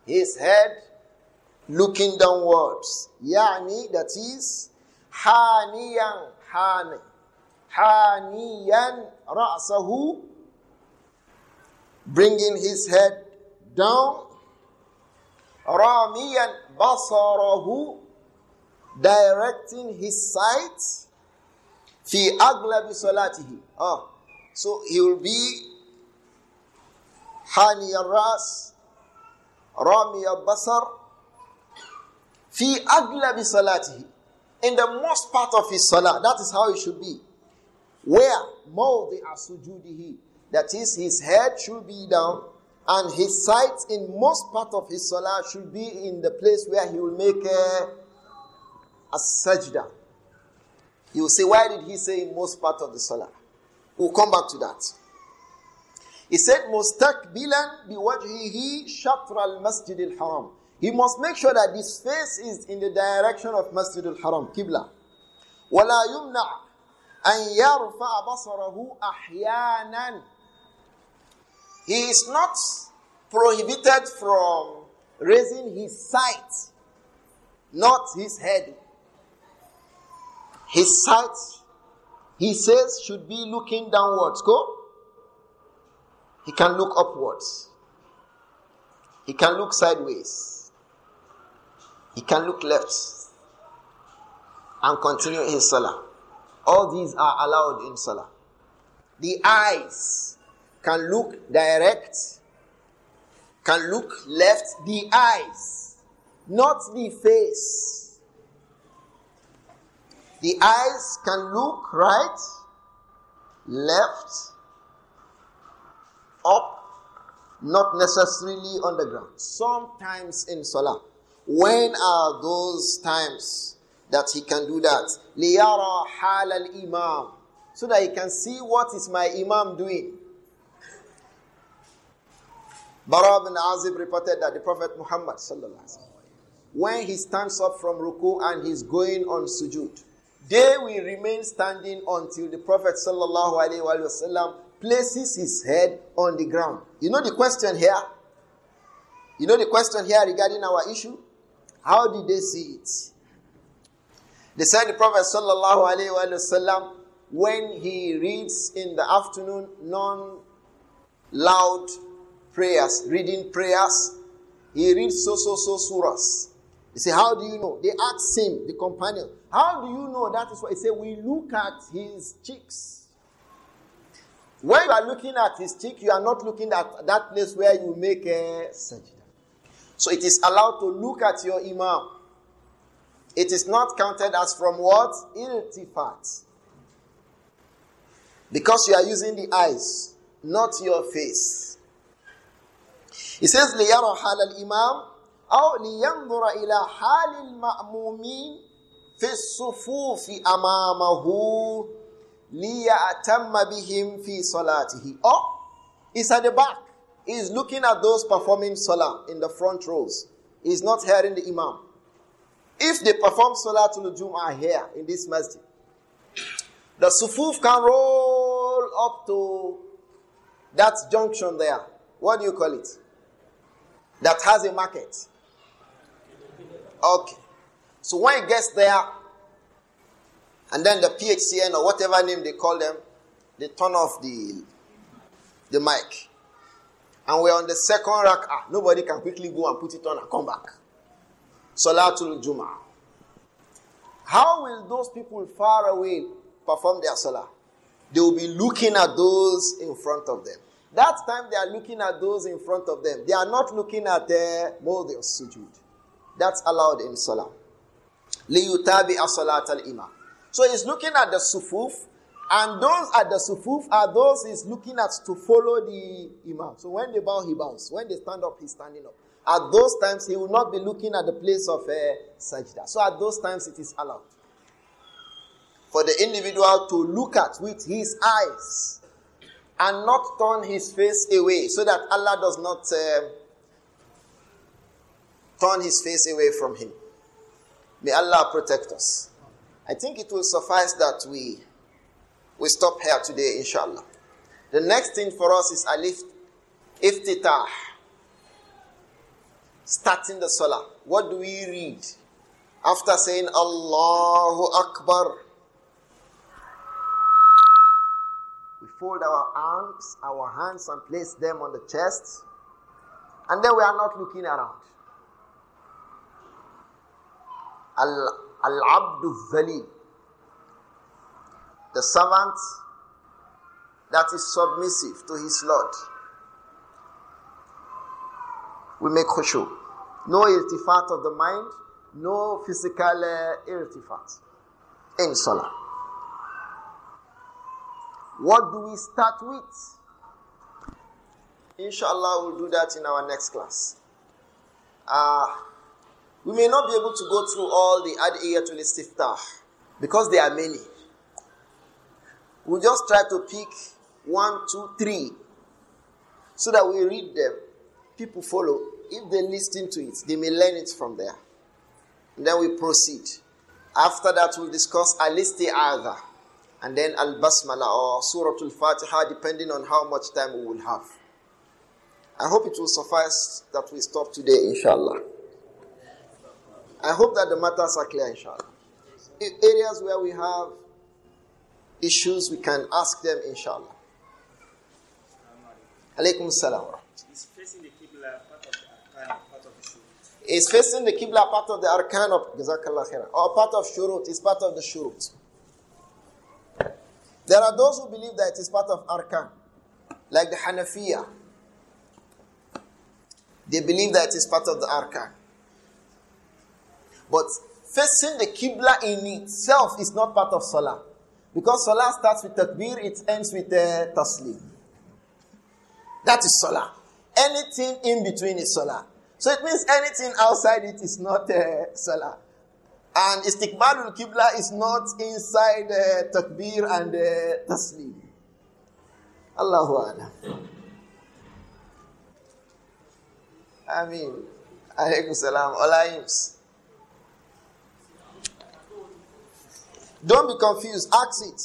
his head looking downwards. Yani, that is haniyan, hani. Haniyan ra'sahu, bringing his head down. Ramiyan basarahu, directing his sight. Fi aglabi salatihi. Ah, so he will be حامي الرأس رامي البصر في أغلب صلاته in the most part of his salah that is how it should be where موضع sujudihi that is his head should be down and his sight in most part of his salah should be in the place where he will make a, uh, a sajda. You will say, why did he say in most part of the salah? We'll come back to that. He said, Mustakbilan biwajhihi shatr al masjid al haram. He must make sure that his face is in the direction of Masjid al haram, Qibla. ولا يمنع أن يرفع بصره أحيانا. He is not prohibited from raising his sight, not his head. His sight, he says, should be looking downwards. Go. He can look upwards. He can look sideways. He can look left and continue his salah. All these are allowed in salah. The eyes can look direct, can look left. The eyes, not the face. The eyes can look right, left, up, not necessarily on the ground. Sometimes in salah. When are those times that he can do that? Liyara hal al imam. So that he can see what is my imam doing. Bara bin Azib reported that the Prophet Muhammad when he stands up from ruku and he's going on sujood, they will remain standing until the Prophet sallallahu alaihi wasallam places his head on the ground. You know the question here? You know the question here regarding our issue? How did they see it? They said the Prophet sallallahu alaihi wasallam when he reads in the afternoon non-loud prayers, reading prayers, he reads so so so surahs. They say, how do you know? They asked him, the companion, how do you know that is what? He said, we look at his cheeks. When you are looking at his cheek, you are not looking at that place where you make a sajda. So it is allowed to look at your imam. It is not counted as from what? Iltifat. Because you are using the eyes, not your face. He says, لِيَرَى حَالَ الْإِمَامِ أو لينظر إلى حال المأمومين في الصفوف أمامه لِيَأْتَمَّ بِهِمْ fi صَلَاتِهِ Oh, he's at the back. He's looking at those performing salah in the front rows. He's not hearing the imam. If they perform the jum'ah here in this masjid, the sufuf can roll up to that junction there. What do you call it? That has a market. Okay. So when it gets there, and then the PHCN or whatever name they call them, they turn off the, the mic. And we're on the second rak'ah. Nobody can quickly go and put it on and come back. Salatul Juma. How will those people far away perform their salah? They will be looking at those in front of them. That time they are looking at those in front of them. They are not looking at their mawdi' sujood. That's allowed in salah. لِيُتَابِعَ al-imam. So he's looking at the sufuf, and those at the sufuf are those he's looking at to follow the imam. So when they bow, he bows. When they stand up, he's standing up. At those times, he will not be looking at the place of a uh, sajda. So at those times, it is allowed for the individual to look at with his eyes and not turn his face away so that Allah does not uh, turn his face away from him. May Allah protect us. I think it will suffice that we we stop here today, inshallah. The next thing for us is alif iftitah, starting the salah. What do we read after saying Allahu Akbar? We fold our arms, our hands, and place them on the chest, and then we are not looking around. Allah. Al Abdu Zalim. The servant that is submissive to his Lord. We make khushu. No irtifat of the mind, no physical uh, irtifat in Salah. What do we start with? Inshallah, we'll do that in our next class. Uh, we may not be able to go through all the ad'iyatul istiftah because there are many. We'll just try to pick one, two, three so that we read them. People follow. If they listen to it, they may learn it from there. And then we proceed. After that, we'll discuss the other. and then al-basmala or suratul fatiha depending on how much time we will have. I hope it will suffice that we stop today, inshallah. I hope that the matters are clear, inshallah. areas where we have issues, we can ask them, inshallah. Alaikum salam. Is facing the Qibla part of the arkan part of facing the kibla, part of the arkan of Jazakallah khairan? Or part of shurut? Is part of the shurut. There are those who believe that it is part of arkan, like the Hanafiya. They believe that it is part of the arkan. But facing the Qibla in itself is not part of Salah. Because Salah starts with Takbir, it ends with uh, Taslim. That is Salah. Anything in between is Salah. So it means anything outside it is not uh, Salah. And Istiqbalul Qibla is not inside uh, Takbir and uh, Taslim. Allahu Alam. I mean, alaykum salam. Olayim. Don't be confused. Ask it.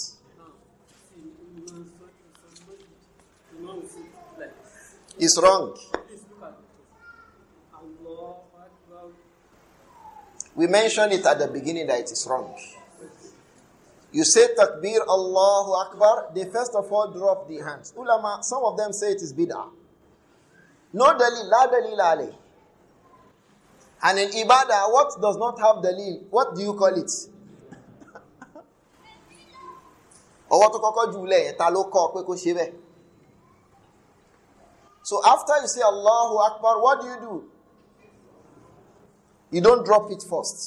It's wrong. We mentioned it at the beginning that it is wrong. You say takbir, Allahu Akbar, they first of all drop the hands. Ulama, some of them say it is bid'ah. No dalil, la dalil alayh. And in ibadah, what does not have dalil? What do you call it? ọwọ́ tó kọ́kọ́ jù ta ló kọ́ pé kó ṣe so after you say Allahu Akbar what do you do you don't drop it first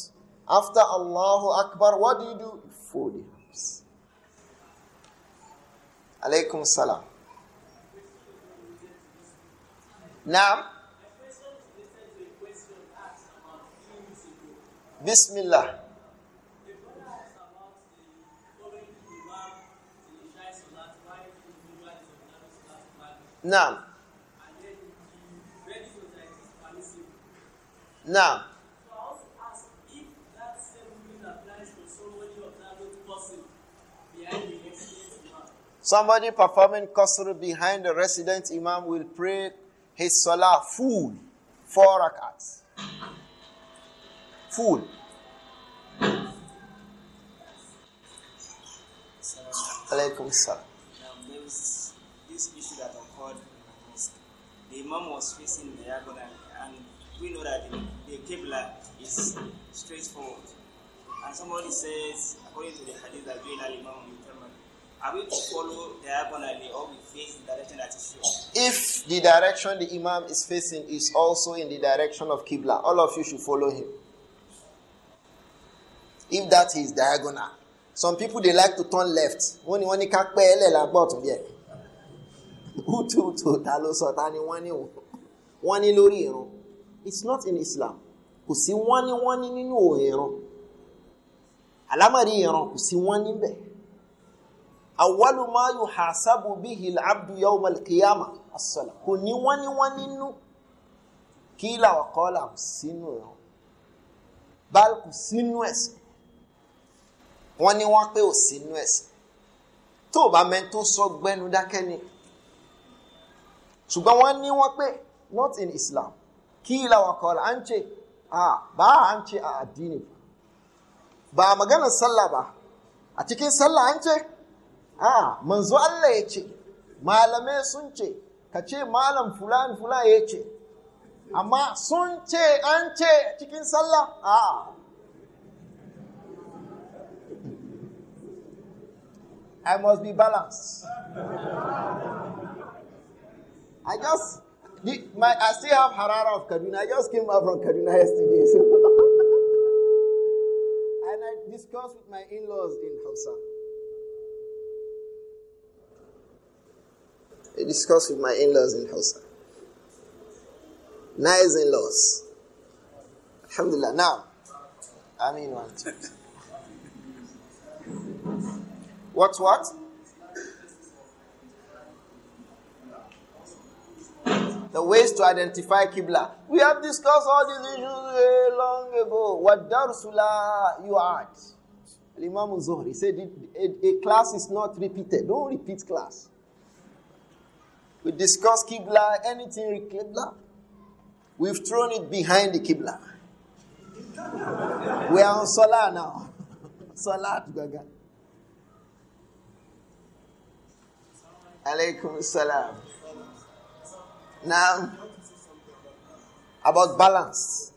after Allahu Akbar what do you do you fold your hands alaikum salam now Bismillah. Now. Now. Somebody performing qasr behind the resident imam will pray his salah full, four rakats. Full. Alaikum salam. The Imam was facing diagonally, and we know that the, the Qibla is straightforward. And somebody says, according to the hadith that Jayla Imam are we to follow diagonally or we face the direction that is shown? If the direction the Imam is facing is also in the direction of Qibla, all of you should follow him. If that is diagonal. Some people they like to turn left. When you want to hututu ta ló sọ ta ni wọ́n ní wọ́n ní lórí ìrun it's not in Islam kò sí wọ́n ní wọ́n ní nínú ìrun alámọ̀rí ìrun kò sí wọ́n níbẹ̀ awwalu ma yuhasabu bihi al-abdu yawm al-qiyamah as-salah kò ní wọ́n ní wọ́n nínú kí làwọn kọ́ làwọn sínú ìrun báyìí kò sínú ẹ̀sìn wọ́n ní wọ́n pé ò sínú ẹ̀sìn tó o bá mẹ́ńtó sọ gbẹ́nu dákẹ́ ni. ṣùgbọ́n wọ́n ní wọ́n pé not in Islam kila wa kawal an ce a ba an ce a addini ba magana sallah ba a cikin sallah an ce a manzo Allah ya ce malamai sun ce ka ce malam Fulani Fulani ya ce amma sun ce an ce cikin sallah a I must be balanced. I just, my, I still have Harara of Kaduna. I just came back from Kaduna yesterday. So. and I discussed with my in laws in Hausa. I discussed with my in laws in Hausa. Nice in laws. Alhamdulillah. Now, I mean one, What, what? the ways to identify Qibla. We have discussed all these issues long ago. What darsula you add? Imam Zuhri said a, class is not repeated. Don't repeat class. We discuss Qibla, anything with Qibla. We've thrown it behind the Qibla. we are on Salah now. Salat Gaga. Alaykum salam. Now, about balance.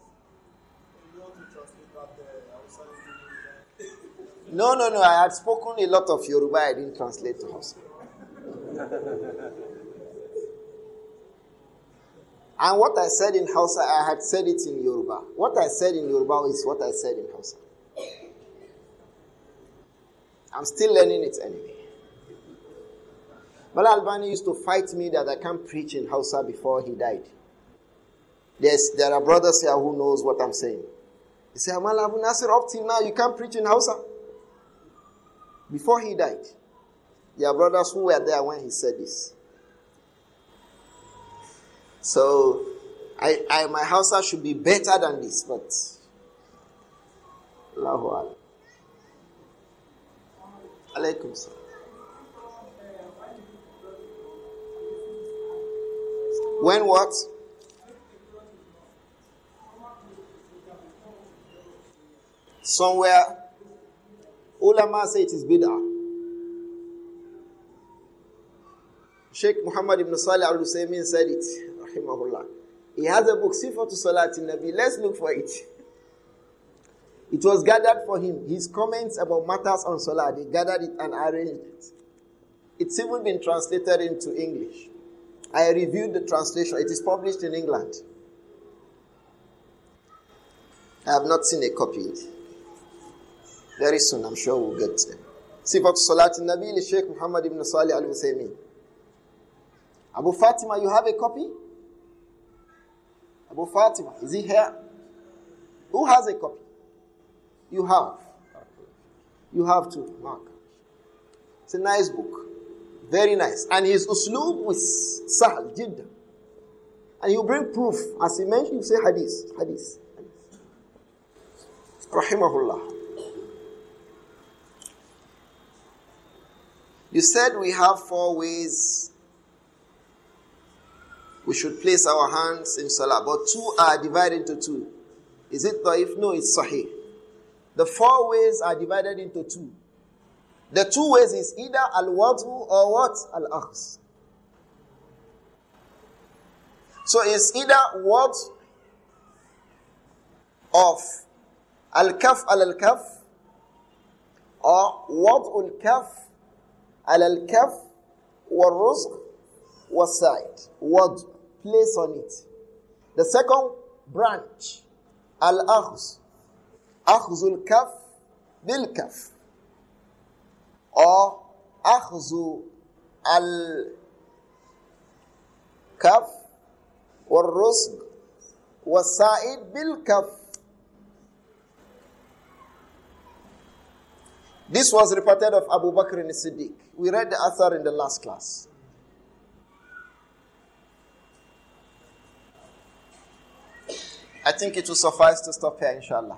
No, no, no. I had spoken a lot of Yoruba. I didn't translate to Hausa. and what I said in Hausa, I had said it in Yoruba. What I said in Yoruba is what I said in Hausa. I'm still learning it anyway. Mullah Albani used to fight me that I can't preach in Hausa before he died. Yes, there are brothers here who knows what I'm saying. He said, Mullah Abu Nasir, up till now, you can't preach in Hausa. Before he died. There are brothers who were there when he said this. So, I, I, my Hausa should be better than this, but... Allahu Alaikum. Alaikum salam. When what? Somewhere, ulama say it is bid'ah. Sheikh Muhammad ibn Salih al Husaymin said it, rahimahullah. He has a book, Sifatu Salat Nabi. Let's look for it. It was gathered for him. His comments about matters on salat, he gathered it and arranged it. It's even been translated into English. I reviewed the translation. It is published in England. I have not seen a copy. Very soon, I'm sure we'll get them. Sifat Salat Nabi li Sheikh Muhammad ibn Salih al Uthaymeen. Abu Fatima, you have a copy? Abu Fatima, is he here? Who has a copy? You have. You have to, Mark. It's a nice book. Very nice. And his uslub was sahl, jiddah. And he'll bring proof. As he mentioned, he'll say hadith, hadith, Rahimahullah. You said we have four ways we should place our hands in salah, but two are divided into two. Is it if No, it's sahih. The four ways are divided into two. The two ways is either al-wadhu or what? Al-akhs. So it's either what of al-kaf al-kaf or what al-kaf al-kaf wal-rusq said What place on it. The second branch al-akhs. Akhzul kaf bil kaf or أخذ الكف والرزق bil بالكف This was reported of Abu Bakr and Siddiq. We read the author in the last class. I think it will suffice to stop here, inshallah.